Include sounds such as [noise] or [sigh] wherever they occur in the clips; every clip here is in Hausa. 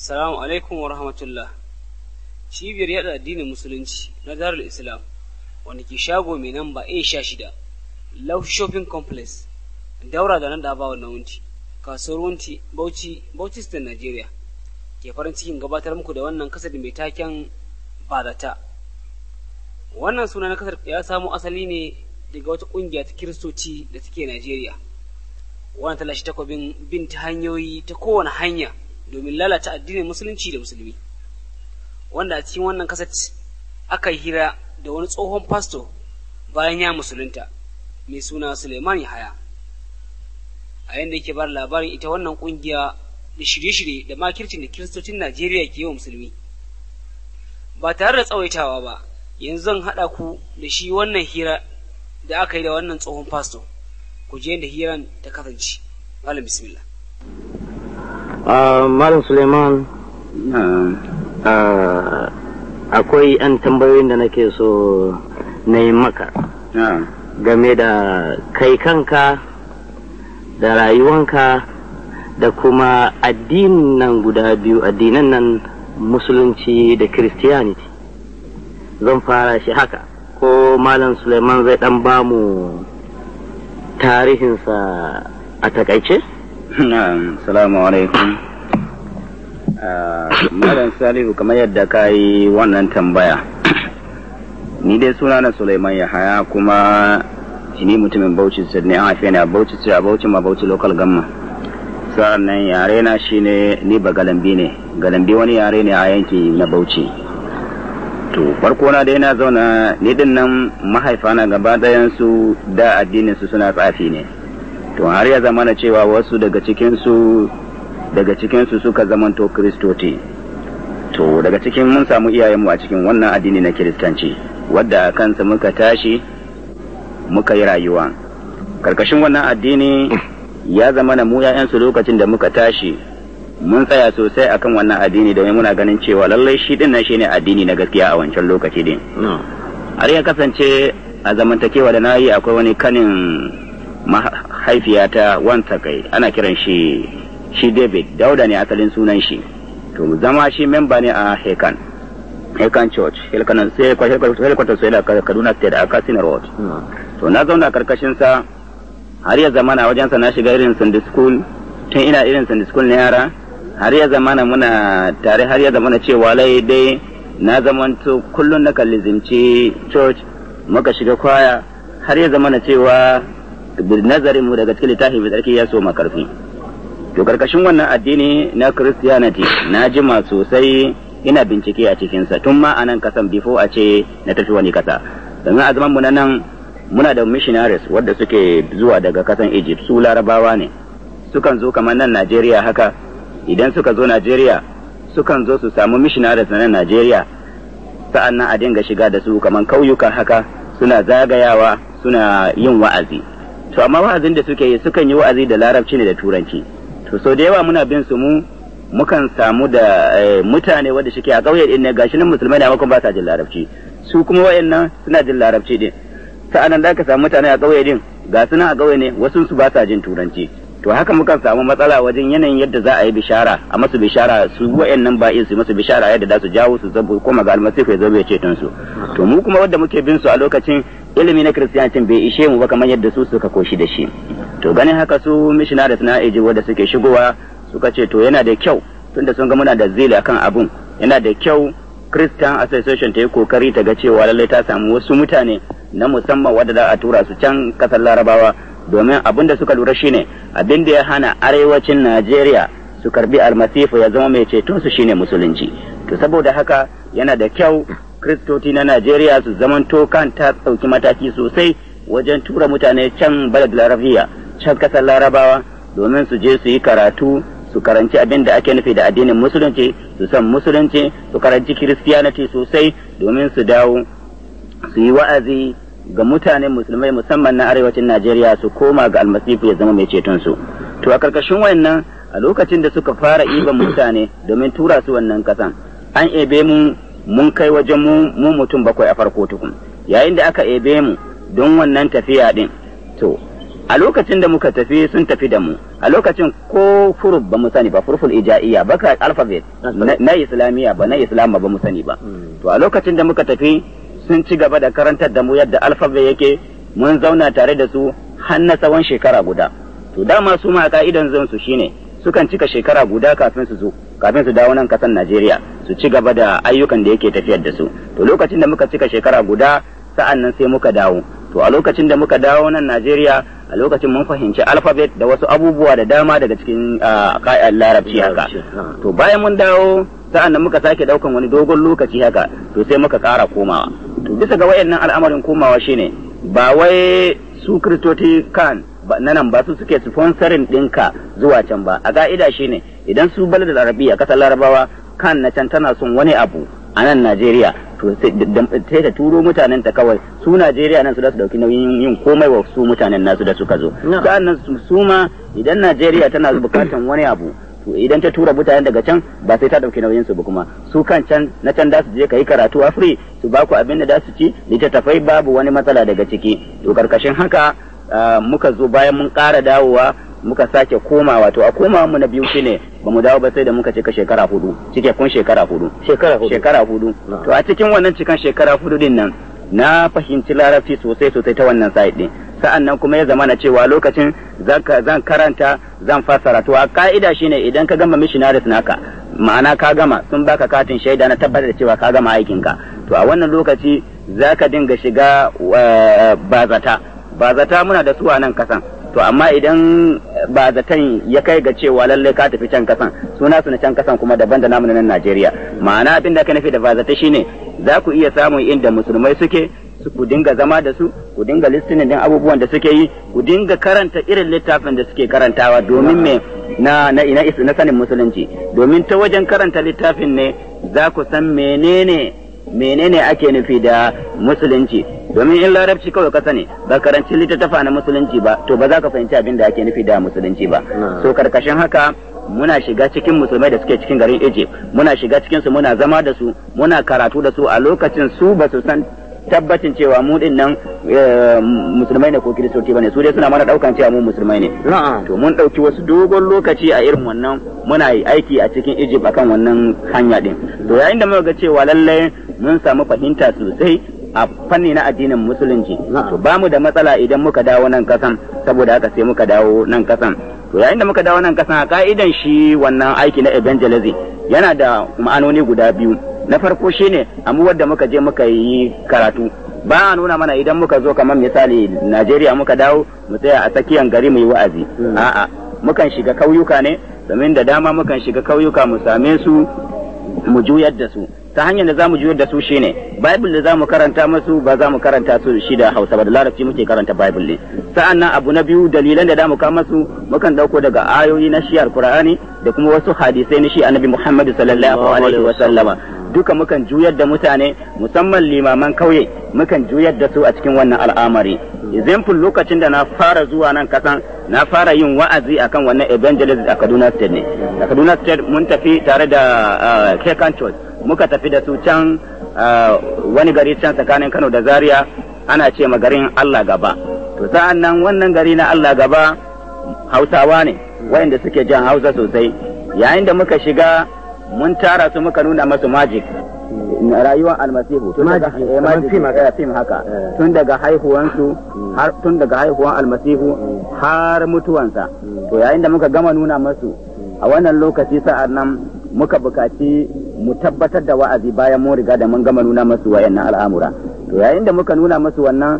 Assalamu alaikum wa rahmatullah. Cibiyar yada addinin Musulunci na Darul Islam wanda ke shago mai namba A sha shida, Love Shopping Complex, daura da nan da ba wannan wunci, kasuwar wunti Bauchi, Bauchi State, Nigeria. Ke farin cikin gabatar muku da wannan kasar mai taken Badata. Wannan suna na kasar ya samo asali ne daga wata ƙungiya ta Kiristoci da take Najeriya. Wannan ta lashe takwabin bin ta hanyoyi ta kowane hanya. domin lalata addinin musulunci da musulmi wanda a cikin wannan kasat aka hira da wani tsohon fasto bayan ya musulunta mai suna suleiman yahaya a yadda yake bar labarin ita wannan kungiya da shirye-shirye da makircin da kiristocin najeriya ke yi wa musulmi ba tare da tsawaitawa ba yanzu zan haɗa ku da shi wannan hira da aka yi da wannan tsohon fasto ku je da hiran ta kasance malam bismillah Ah, malam Suleiman. Ah, akwai 'yan tambayoyin da nake so na yi maka. Game da kai kanka da rayuwanka da kuma addinin nan guda biyu addinan nan musulunci da christianity zan fara shi haka ko malam suleiman zai ɗan bamu tarihinsa a takaice? Assalamu alaikum. Ah, Malam Salihu kamar yadda ka yi wannan tambaya. Ni dai suna na Sulaiman Yahaya kuma ni mutumin Bauchi State ne an haife ni a Bauchi State a Bauchi ma Bauchi local gamma. Sa'an nan yare na shine ni ba galambi ne. Galambi wani yare ne a yanki na Bauchi. to farko na dai na zauna ni din nan mahaifa na gaba dayansu da addinin su suna tsafi ne to har ya zamana cewa wasu daga cikinsu daga cikinsu suka zamanto kristoti to daga cikin mun samu iyayenmu a cikin wannan addini na kiristanci wadda a kansa muka tashi muka yi rayuwa karkashin wannan addini ya zama na mu ‘ya'yansu lokacin da muka tashi mun tsaya sosai akan wannan addini domin muna ganin cewa lallai shi din nan shine addini na gaskiya a wancan lokaci din har ya kasance a zamantakewa da nayi akwai wani kanin ta wanta kai ana kiran shi shi david dauda ne asalin sunan shi to zama shi memba ne a hekan hekan church hekan sai hekan sai da kaduna state a kasin road to na zauna karkashin sa har ya zama na wajensa na shiga irin sunday school tun ina irin sunday school na yara har ya zama na muna tare har ya zama na cewa lai dai na zamanto kullum na kallizinci church muka shiga kwaya har ya zama na cewa bil nazarin mu daga cikin littafi mai tsarki ya soma karfi to karkashin wannan addini na christianity na jima sosai ina bincike a cikin sa tun ma anan kasan bifo a ce na tafi wani kasa dan a zaman mu na nan muna da missionaries wadda suke zuwa daga kasan egypt su larabawa ne sukan zo kamar nan najeriya haka idan suka zo najeriya sukan zo su samu missionaries na nan najeriya sa'an nan a dinga shiga da su kamar kauyuka haka suna zagayawa suna yin wa'azi to amma wa'azin da suke yi sukan yi wa'azi da larabci ne da turanci to so da yawa muna bin su mu mukan samu da eh, mutane wanda suke a ƙauye din ne gashi nan musulmai ne amma ba sa jin larabci su kuma wayannan suna jin larabci din nan da ka samu mutane a ƙauye din ga suna a ƙauye ne wasu su ba sa jin turanci to haka mukan samu matsala wajen yanayin yadda za a yi bishara a masu bishara su nan ba'in su masu bishara yadda za su jawo su zabu kuma ga almasifu ya zo ya ceton su to mu kuma wanda muke bin su a lokacin ilimi na kiristiyancin bai ishe mu ba kamar yadda su suka koshi da shi to ganin haka su mishina da suna ajiye wanda suke shigowa suka ce to yana da kyau tunda sun ga muna da zili akan abun yana da kyau Christian Association ta yi kokari ta ga cewa lallai ta samu wasu mutane na musamman wadda za a tura su can kasar Larabawa domin abin da suka lura shine abin da ya hana arewacin Najeriya su karbi almasifu ya zama mai ceto su shine musulunci to saboda haka yana da kyau kristoci na Najeriya su zamanto kan ta ɗauki mataki sosai wajen tura mutane can balad larabiya can kasar larabawa domin su je su yi karatu su karanci abin da ake nufi da addinin musulunci su san musulunci su karanci kiristiyaniti sosai domin su dawo su yi wa'azi ga mutane musulmai musamman na arewacin Najeriya su koma ga almasifu ya zama mai ceton su to a karkashin wannan a lokacin da suka fara iban mutane domin tura su wannan kasan an ebe mu mun kai wajen mu mu mutum bakwai a farko tukun yayin da aka ebe mu don wannan tafiya din to a lokacin da muka tafi sun tafi da mu a lokacin ko furuf ba mu sani ba furful ija'iyya baka alphabet na islamiyya ba na islam ba mu sani ba hmm. to a lokacin da muka tafi sun ci gaba da karantar da mu yadda alfabe yake mun zauna tare da su har na tsawon shekara guda to dama su ma ka'idan zan su shine sukan cika shekara guda kafin su zo kafin su dawo nan kasan Najeriya su ci gaba da ayyukan da yake tafiyar da su to lokacin da muka cika shekara guda sa'an nan sai muka dawo to a lokacin da muka dawo nan Najeriya a lokacin mun fahimci alfabet da wasu abubuwa da dama daga cikin larabci haka to bayan mun dawo sa'an nan muka sake daukan wani dogon lokaci haka to sai muka kara komawa to bisa ga wayannan al'amarin komawa shine ba wai su kristoci kan na nan ba su suke sponsorin ɗinka zuwa can ba a ga'ida shine idan su balad arabiya kasar larabawa kan na can tana son wani abu a nan Najeriya to sai ta turo mutanen ta kawai su Najeriya nan su da su dauki nauyin yin komai wa su mutanen nasu da suka zo sa'annan su ma idan Najeriya tana bukatan wani abu to idan ta tura mutanen daga can ba sai ta dauki nauyin su ba kuma su kan can na can da su je kai karatu a free su ba ku abin da da su ci littattafai babu wani matsala daga ciki to karkashin haka ah, muka zo bayan mun ƙara dawowa muka sake komawa to a koma mu na biyu shine ba mu dawo ba sai da muka cika shekara hudu cike kun shekara hudu shekara hudu shekara hudu to a cikin wannan cikan shekara hudu din nan na fahimci larabci sosai sosai ta wannan site din sa'an nan kuma ya zama na cewa lokacin zan karanta zan fassara to a ka'ida shine idan ka gama mishina missionaries naka ma'ana ka gama sun baka katin shaida na tabbatar da cewa ka gama aikin ka to a wannan lokaci za ka dinga shiga eh, bazata bazata muna da su a nan kasan to amma idan ba zaton ya kai ga cewa lallai ka tafi can kasan suna su na can kasan kuma daban da namu Najeriya ma'ana abin da ka nufi da ba zata shine za ku iya samun inda musulmai suke ku dinga zama da su ku dinga listening din abubuwan da suke yi ku dinga karanta irin littafin da suke karantawa domin me na na ina na sanin musulunci domin ta wajen karanta littafin ne za ku san menene menene ake nufi da musulunci domin in larabci kawai ka sani ba karanci littattafa na musulunci ba to ba za ka fahimci abin da ake nufi da musulunci ba so karkashin haka muna shiga cikin musulmai da suke cikin garin Egypt muna shiga cikin su muna zama da su muna karatu da su a lokacin su ba su san tabbacin cewa mu din nan eh, musulmai ne ko kiristoci bane su dai suna mana daukan cewa mu musulmai ne to mun dauki wasu dogon lokaci a irin wannan muna aiki a cikin Egypt akan wannan hanya din to yayin da muka ga cewa lallai mun samu fahimta sosai a fanni na addinin musulunci to ba mu da matsala idan muka dawo nan kasan saboda haka sai muka dawo nan kasan to yayin da muka dawo nan kasan a ka'idan shi wannan aiki na evangelism yana da ma'anoni guda biyu na farko shine a amuwar da muka je muka yi karatu ba a nuna mana idan muka zo kamar misali Najeriya muka dawo mu tsaya a tsakiyar gari mu yi wa'azi a'a mukan shiga kauyuka ne domin da dama mukan shiga kauyuka mu same su mu juyar da su ta hanyar da zamu juyar da su shine bible da za mu karanta musu ba zamu karanta su shi da Hausa ba da Larabci muke karanta bible ne sa'annan abu na biyu dalilan da zamu kawo musu mukan dauko daga ayoyi na shi Qur'ani da kuma wasu hadisai na shi Annabi Muhammad sallallahu alaihi wa sallama duka mukan juyar da mutane musamman limaman kauye mukan juyar da su a cikin wannan al'amari example lokacin da na fara zuwa nan kasan na fara yin wa'azi akan wannan evangelist a Kaduna State ne a Kaduna State mun tafi tare da ah, Kekan Church muka tafi da su can ah, wani gari can tsakanin Kano da Zaria ana ce ma garin Allah gaba to sa'an nan wannan gari na Allah gaba Hausawa ne wayanda suke jan Hausa sosai yayin da muka shiga mun tara su muka nuna masu magic rayuwar almasihu eh, fim haka eh, eh. tun daga haihuwansu hmm. har tun daga haihuwan almasihu hmm. har mutuwansa hmm. to yayin da muka gama nuna masu a wannan lokaci sa'an nan muka bukaci mu tabbatar da wa'azi bayan mun riga da mun gama nuna masu wayannan al'amura to yayin da muka nuna masu wannan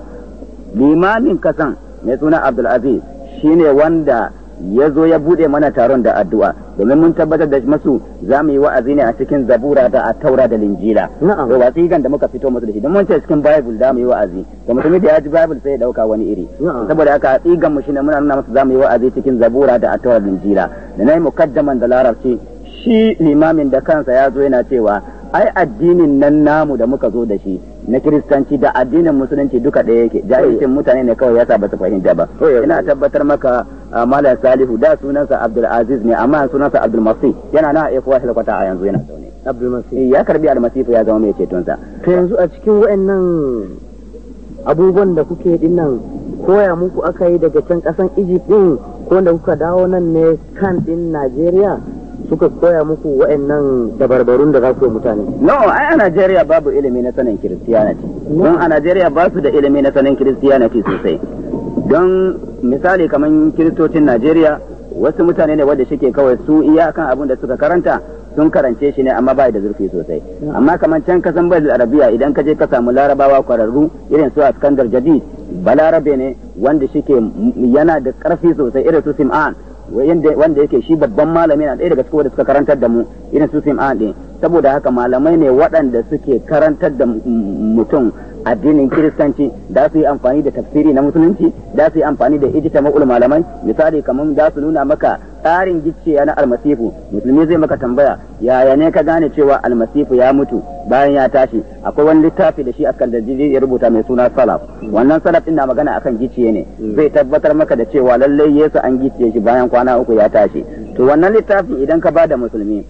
limamin kasan mai suna abdulaziz shine wanda ya zo ya bude mana taron da addu'a domin mun tabbatar da masu za mu yi wa'azi ne a cikin zabura da a taura da linjila to wasiƙan da muka fito musu da shi don mun ce cikin bible za mu yi wa'azi to mutum da ya ji bible sai ya dauka wani iri saboda haka tsigan mu shine muna nuna masa za mu yi wa'azi cikin zabura da a taura da linjila da nayi mukaddaman da larabci shi limamin da kansa ya zo yana cewa ai addinin nan namu da muka zo da shi na kiristanci da addinin musulunci duka ɗaya yake jahilcin mutane ne kawai yasa ba su fahimta ba oh, ina tabbatar maka malam salihu da sunansa abdul aziz ne amma sunansa abdul masih yana na ekuwa hilkwata a yanzu yana zaune eh, ya karbi almasifu ya zama mai cetonsa to yanzu a cikin wayannan abubuwan da kuke dinnan koya muku aka yi daga can kasan egypt din ko da kuka dawo nan ne kan din najeriya suka koya muku wa'annan dabarbarun da za su mutane? No, ai a Najeriya babu ilimi na sanin kiristiyanati. Don a Najeriya ba su da ilimi na sanin kiristiyanati sosai. Don misali kamar Kiristocin Najeriya wasu mutane ne wadda suke kawai su iya kan abin da suka karanta sun karance shi ne amma bai da zurfi sosai amma kamar can kasan bai arabiya idan ka je ka samu larabawa kwararru irin su askandar jadid balarabe ne wanda shike yana da karfi sosai irin su sim'an wanda yake shi babban malami na ɗaya daga cikin wanda suka karantar da mu irin su sim'an ɗin saboda haka malamai ne waɗanda suke karantar da mm, mutum addinin kiristanci da su yi amfani da tafsiri na musulunci da su yi amfani da ma'ul malamai misali kamar da su nuna maka tsarin gicciya na almasifu musulmi zai maka tambaya yaya ne ka gane cewa almasifu ya mutu bayan ya tashi akwai wani littafi da shi askal da ya rubuta mai suna salaf wannan salaf din na magana akan gicciye ne zai tabbatar maka da cewa lallai yesu an gicciye shi bayan kwana uku ya tashi to wannan littafin idan ka ba da musulmi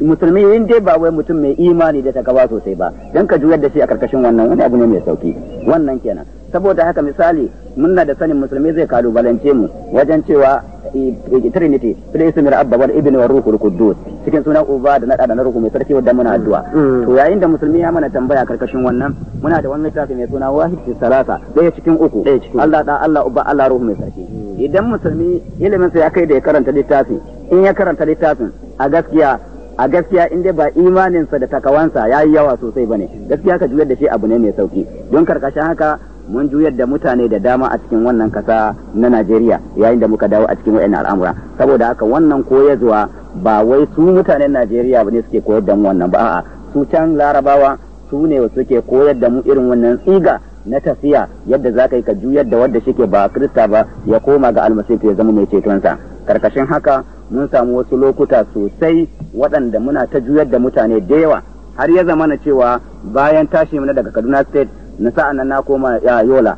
musulmi in dai ba wai mutum mai imani da gaba sosai ba dan ka juyar da shi a karkashin wannan wani abu ne mai sauki wannan kenan saboda haka misali muna da sanin musulmi zai kalubalance mu wajen cewa eh, eh, trinity fil ismi rabba wal ibn wa ruhul quddus cikin sunan uba da na da na ruhu mai sarki wadda muna addu'a mm. to yayin da musulmi ya mana tambaya karkashin wannan muna da wani littafi mai suna wahid fi salasa daya cikin uku Allah da Allah uba Allah ruhu mai sarki idan musulmi ilimin sa ya kai da ya karanta littafi in ya karanta littafin a gaskiya a gaskiya in dai ba imaninsa da takawansa ya yi yawa sosai ba ne gaskiya ka juyar da shi abu ne mai sauki don karkashin haka mun juyar da mutane da dama a cikin wannan kasa na Najeriya yayin da muka dawo a cikin wa'in al'amura saboda haka wannan koyarwa ba wai su mutanen Najeriya ba ne suke koyar da mu wannan ba a'a su can larabawa su ne suke koyar da mu irin wannan tsiga na tafiya yadda za ka yi ka juyar da wanda shike ba Kirista ba ya koma ga almasifu ya zama mai cetonsa karkashin haka mun samu wasu lokuta sosai waɗanda muna ta juyar da mutane da yawa har ya zama na cewa bayan tashi mana daga Kaduna State na sa'an nan na koma ya Yola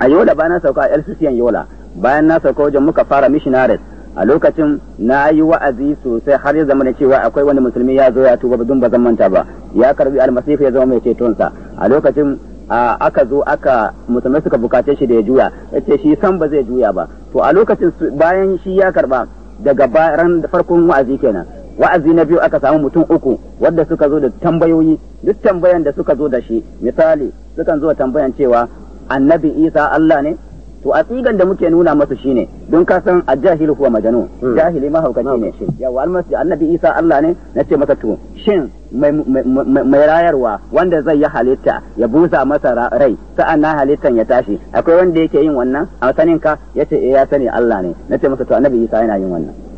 a Yola bayan na sauka a lcc Yola bayan na sauka wajen muka fara missionaries a lokacin na yi wa'azi sosai har ya zama da cewa akwai wani musulmi ya zo ya tuba dun ba zan manta ba ya karbi almasifa ya zama mai cetonsa a lokacin aka zo aka musulmai suka bukace shi da ya juya ce shi san ba zai juya ba to a lokacin bayan shi ya karba daga bayan farkon wa'azi kenan wa'azi na biyu aka samu mutum uku wadda suka zo da tambayoyi duk tambayan da suka zo da shi misali sukan zo tambayan cewa annabi isa Allah ne to a tsigan da muke nuna masu shine don ka san ajahil huwa majanu hmm. jahili mahaukaci ne yawa almasi annabi isa Allah ne ce masa to shin mai rayarwa wanda zai yi halitta ya busa masa rai sa'an na halittan ya tashi akwai wanda yake yin wannan a sanin ka yace eh ya sani Allah ne nace masa to annabi isa yana yin wannan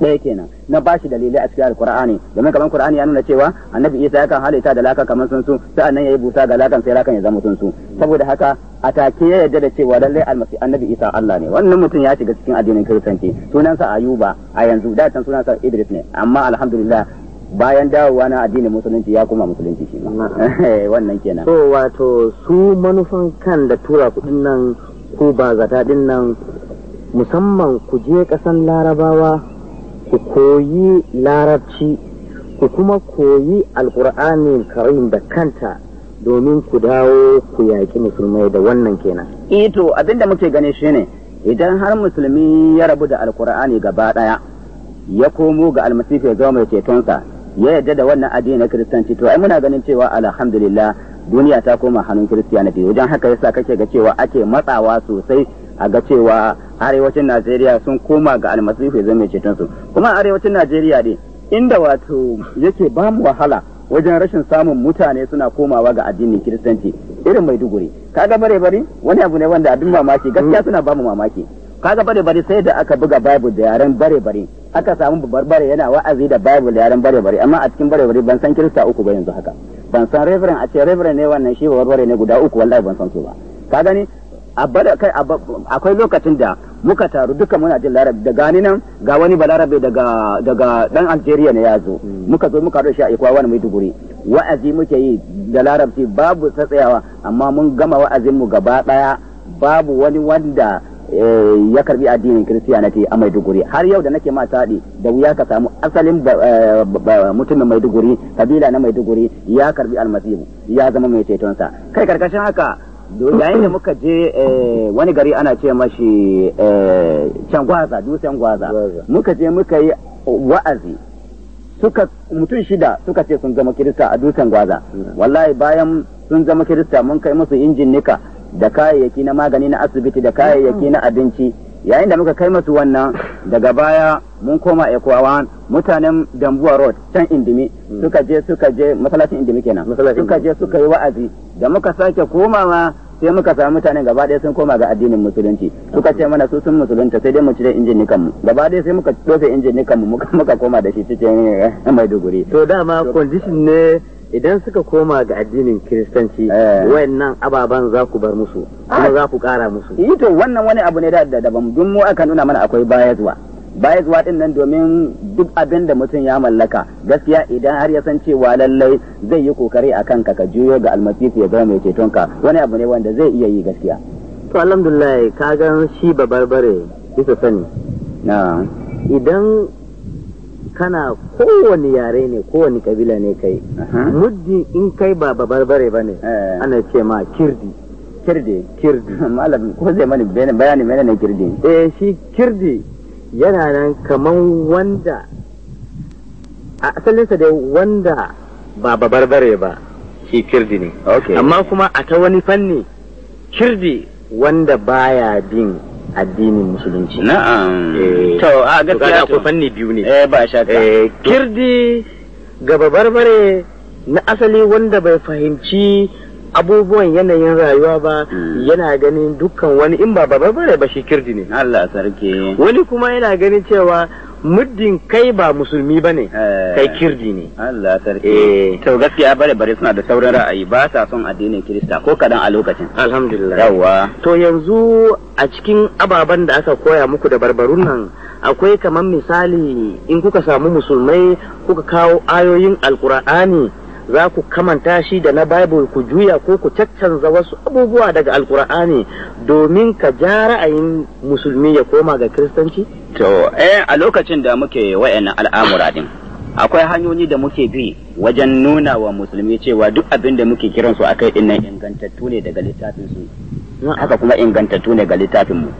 ɗaya kenan na bashi dalilai a cikin alkur'ani domin kamar qur'ani ya nuna cewa annabi isa yakan halitta da laka kamar sunsu sai nan yayi busa ga lakan sai lakan ya zama sunsu saboda haka a take ya yarda da cewa lallai almasi annabi isa Allah ne wannan mutum ya shiga cikin addinin kiristanci sunansa ayuba a yanzu da can sunansa idris ne amma alhamdulillah bayan dawowa na addinin musulunci ya koma musulunci shi ma [laughs] eh, wannan kenan to wato su manufan kan da tura kudin nan ko ba zata din nan musamman ku je kasan larabawa ku koyi larabci ku kuma koyi alkur'ani karim da kanta domin ku dawo ku yaƙi musulmai da wannan kenan ito eh abinda muke gani shine idan har musulmi ya rabu da alkur'ani gaba daya ya komo ga almasifi ya zama mai cetonsa ya yarda da wannan addini na kiristanci to ai muna ganin cewa alhamdulillah duniya ta koma hannun biyu wajen haka yasa kake ga cewa ake matsawa sosai a ga cewa arewacin Najeriya sun koma ga almasihu ya zama ceton su kuma arewacin Najeriya ne inda wato yake ba mu wahala wajen rashin samun mutane suna komawa ga addinin kiristanci irin mai maiduguri kaga bare bare wani abu ne wanda abin mamaki gaskiya suna ba mu mamaki kaga bare bare sai da aka buga bible da yaren bare bare aka samu babbar bare yana wa'azi da bible da yaren bare bare amma a cikin bare bare ban san kirista uku ba yanzu haka ban san reverend a ce reverend ne wannan shi babbar bare ne guda uku wallahi ban san su ba ka gani akwai lokacin da muka taru duka muna jin larabi da gani nan ga wani balarabe daga daga dan algeria ne ya zo hmm. muka zo muka rushe a ikwa wani maiduguri wa'azi muke yi da larabci babu tsatsayawa amma mun gama wa'azin mu gaba daya babu wani wanda eh, ya karbi addinin kiristiyaniti a maiduguri har yau da nake matsaɗi da wuya ka samu asalin eh, mutumin maiduguri kabila na maiduguri ya karbi almasihu ya zama mai cetonsa kai karkashin haka yayin da muka je eh, wani gari ana ce mashi eh, can gwaza dusan gwaza muka je muka yi wa'azi suka mutum shida suka ce sun zama kirista a dusan gwaza hmm. wallahi bayan sun zama kirista mun kai musu injin nika da kayayyaki na magani na asibiti da kayayyaki na abinci yayin da muka kai masu wannan daga baya mun koma ekowa mutanen dambuwa road can indimi hmm. suka je suka je masalacin indimi kenan suka je suka yi wa'azi da muka sake komawa sai muka samu mutane gaba ɗaya sun koma ga addinin musulunci suka ce mana su sun musulunta sai dai mu cire injin nikan mu gaba ɗaya sai muka dofe injin nikan mu muka koma da shi cikin eh, Maiduguri to dama condition ne idan suka koma ga addinin kiristanci eh. wayannan ababan za ku bar musu kuma ah. za ku kara musu to wannan wani abu ne da daban dun mu aka nuna mana akwai baya zuwa baya zuwa din nan domin duk abin da mutum ya mallaka gaskiya idan har ya san cewa lallai zai yi kokari a kanka ka juyo ga almasifu ya zama mai ceton ka wani abu ne wanda zai iya yi gaskiya to alhamdulillah ka gan shi ba barbare bisa sani na idan kana kowane yare ne kowane kabila ne kai muddi in kai ba ba barbare ba ne eh. ana ce ma kirdi kirdi kirdi [laughs] malam ko zai mani bayani menene ne kirdi eh shi kirdi yana nan kaman wanda a asalinsa dai wanda ba babarbare ba shi kirdi ne amma kuma a ta wani fanni kirdi wanda baya bin addinin musulunci na'am eh, to a gaskiya ko fanni biyu ne eh ba shaka eh kirdi ga babarbare na asali wanda bai fahimci abubuwan yanayin rayuwa ba hmm. yana ganin dukkan wani in ba babar bare ba shi kirji ne Allah sarki wani kuma yana ganin cewa muddin kai ba musulmi ba ne eh. kai kirji ne Allah sarki eh. to gaskiya bare bare suna da sauran ra'ayi ba sa son addinin kirista ko kadan a lokacin alhamdulillah yawa to yanzu a cikin ababan da aka koya muku da barbarun nan akwai kamar misali in kuka samu musulmai kuka kawo ayoyin alkur'ani za ku kamanta shi da na bible ku juya ko ku caccanza wasu abubuwa daga alkur'ani domin ka ja ra'ayin musulmi ya koma ga kiristanci to eh a lokacin da muke wayannan al'amura din akwai hanyoyi da muke bi wajen nuna wa musulmi cewa duk abin da muke kiran su akai din nan ingantattu ne daga littafin su haka kuma ingantattu ne ga littafin mu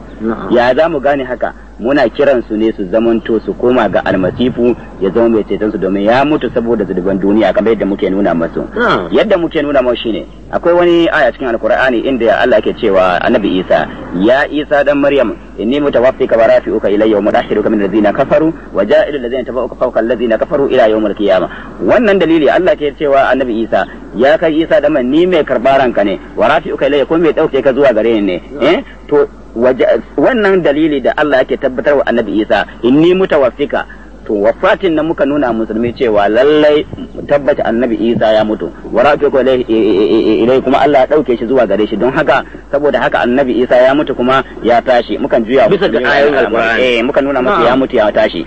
ya za mu gane haka muna kiran su ne su zamanto su koma ga almasifu ya zama mai ceton su domin ya mutu saboda zunuban duniya kamar yadda muke nuna masu ah. yadda muke nuna masu shine akwai wani aya cikin alkur'ani inda Allah yake cewa annabi Isa ya Isa dan Maryam inni mutawaffika wa rafi'uka ilayya wa mudahhiruka min allazina kafaru wa ja'ilul ladzina tabauka fawqa allazina kafaru ila yawmil qiyamah wannan dalili Allah ke cewa annabi Isa ya kai Isa dan ni mai karbaranka ne wa rafi'uka ilayya ko mai dauke ka zuwa gare ni ne ah. eh to wannan dalili da Allah yake tabbatar wa annabi Isa inni mutawaffika to wafatin nan muka nuna musulmi cewa lallai tabbata annabi Isa ya mutu wa rafiqu ilai kuma Allah ya dauke shi zuwa gare shi don haka saboda haka annabi Isa ya mutu kuma ya tashi mukan juya bisa ga ayoyin alqur'ani eh muka nuna masa ya mutu ya tashi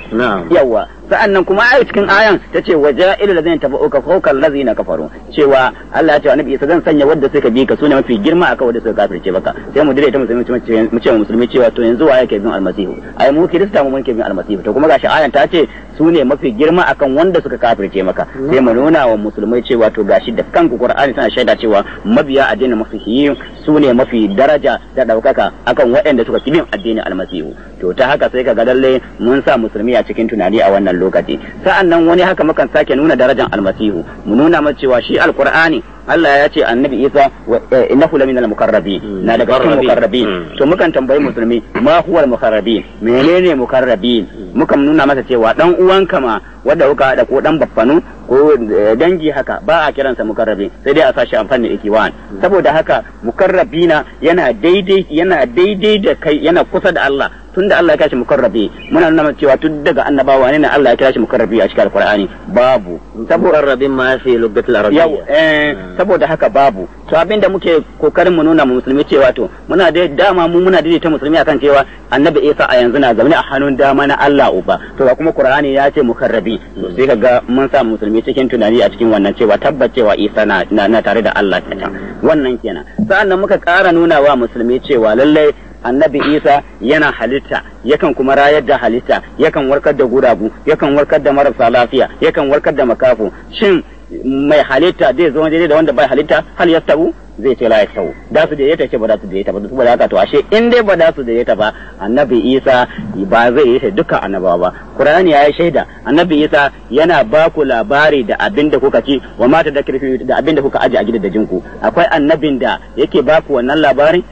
yawa sa'annan kuma a cikin ayan ta ce ta waja'il ladzina tabu'uka lazi na kafaru cewa Allah ya ce wani bisa zan sanya wanda suka bi ka sune mafi girma akan wanda suka kafirce baka sai mu dire ta mu ce musulmi cewa to yanzu waye ke bin almasihu ai mu kirista mu mun ke bin almasihu to kuma gashi ayan ta ce sune mafi girma akan wanda suka kafirce maka sai mu nuna wa musulmai cewa to gashi da kanku qur'ani tana shaida cewa mabiya addinin su sune mafi daraja da daukaka akan waɗanda suka kibin addinin almasihu to ta haka sai ka ga lalle mun sa musulmi a cikin tunani a wannan lokaci sa'an nan wani haka mukan sake nuna darajan almasihu mu nuna ma cewa shi alqur'ani Allah ya ce annabi Isa eh, innahu laminal mukarrabin hmm. na daga cikin mukarrabin hmm. to mukan tambayi musulmi ma huwal mukarrabin menene mukarrabin hmm. mukan nuna masa cewa dan uwan kama. wanda kuka hada ko dan baffanu ko eh, dangi haka ba a kiransa mukarrabin sai dai a sashi amfani da ikiwan saboda haka mukarrabina yana daidai yana daidai da kai yana kusa da Allah tun da Allah ya kashi mukarrabi muna nuna cewa tun daga annabawa ne na Allah ya kashi mukarrabi a cikin alkur'ani babu saboda mukarrabin ma fi lugatul arabiyya eh, saboda haka babu to abin da muke kokarin mu nuna mu musulmi cewa to muna da dama mu muna daidaita musulmi akan cewa annabi Isa a yanzu na zaune a hannun dama na Allah uba to ba kuma Qur'ani ya ce mukarrabi to sai kaga mun sa musulmi cikin tunani a cikin wannan cewa cewa Isa na na tare da Allah ta wannan kenan sa'annan muka ƙara nuna wa musulmi cewa lallai annabi isa yana halitta yakan kuma rayar da halitta yakan warkar da guragu yakan warkar da marasa lafiya yakan warkar da makafu shin mai halitta zai zo daidai da wanda bai halitta hal tabu zai ce la tabu da su daidaita ce ba da su daidaita ba su ba haka to ashe in dai ba da su daidaita ba annabi Isa ba zai yi duka annabawa ba Qur'ani ya yi shaida annabi Isa yana ba ku labari da abin da kuka ci wa mata da kirfi da abin da kuka aje a gidajen ku akwai annabin da yake ba ku wannan labarin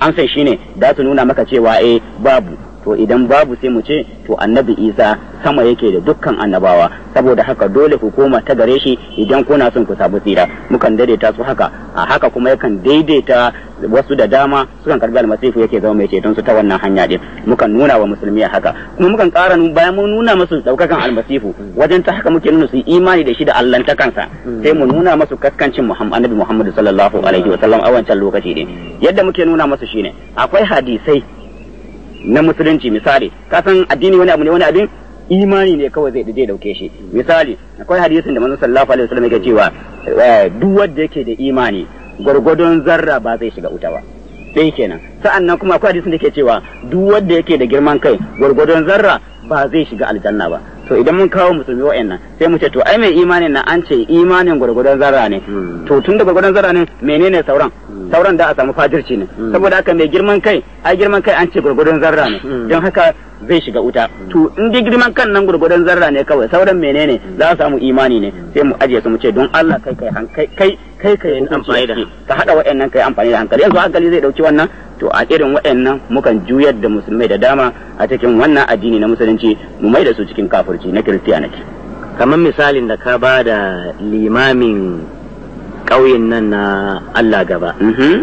an san shine da su nuna maka cewa eh babu to idan babu sai mu ce to annabi isa sama yake da dukkan annabawa saboda haka dole ku koma ta gare shi idan kuna son ku sabu tsira mukan daidaita su haka a haka kuma yakan daidaita wasu da dama sukan karbi almasifu yake zama mai ceton su ta wannan hanya din mukan nuna wa musulmi a haka kuma mukan ƙara bayan mun nuna musu daukakan almasifu wajen ta haka muke nuna su imani da shi da Allah ta sai mu nuna musu kaskancin Muhammad Muhammad sallallahu alaihi wa sallam a wancan lokaci din yadda muke nuna musu shine akwai hadisai na musulunci misali kasan addini wani abu ne wani abin imani ne kawai zai zai dauke shi misali akwai hadisin da manzon sallallahu alaihi wasallam yake cewa eh, duk wanda yake da imani gurgudun zarra ba zai shiga wuta ba sai kenan sa'annan kuma akwai hadisin da ke cewa duk wanda yake da girman kai gurgudun zarra ba zai shiga aljanna ba to idan mun kawo musulmi wa'annan sai mu ce to ai mai imanin na an ce imanin gwargwadon zarra ne hmm. to tun da gwargwadon zarra ne menene sauran hmm. sauran da a samu fajirci ne hmm. saboda haka mai girman kai ai girman kai an ce gwargwadon zarra ne don haka zai shiga wuta to in dai girman kan nan gwargwadon zarra ne kawai sauran menene za a samu imani ne sai mu ajiye su mu ce don Allah kai kai kai kai ka yi amfani da ka hada wa'annan ka yi amfani da hankali yanzu hankali zai dauki wannan to a irin wa'annan mukan juyar da musulmai da dama a cikin wannan addini na musulunci mu mai da su cikin kafirci na kiristiyanaki kamar misalin da ka ba da limamin ƙauyen nan na Allah gaba mhm.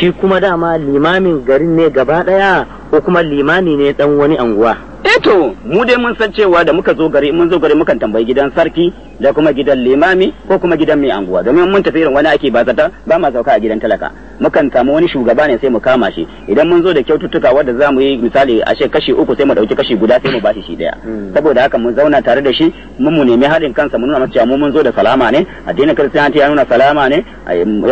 shi kuma dama limamin garin ne gaba ɗaya ko kuma limani ne dan wani anguwa eto eh mu dai mun san cewa da muka zo gari mun zo gari mukan tambayi gidan sarki da kuma gidan limami ko kuma gidan mai anguwa domin mun tafi irin wani ake ba zata ba ma sauka a gidan talaka mukan samu wani shugaba ne sai mu kama shi idan mun zo da kyaututtuka wanda za mu yi misali a she kashi uku sai mu dauki kashi guda sai mu bashi shi daya hmm. saboda haka mun zauna tare da shi mun mu nemi haɗin kansa mu nuna masa mu mun zo da salama ne addinin kiristanci ya nuna salama ne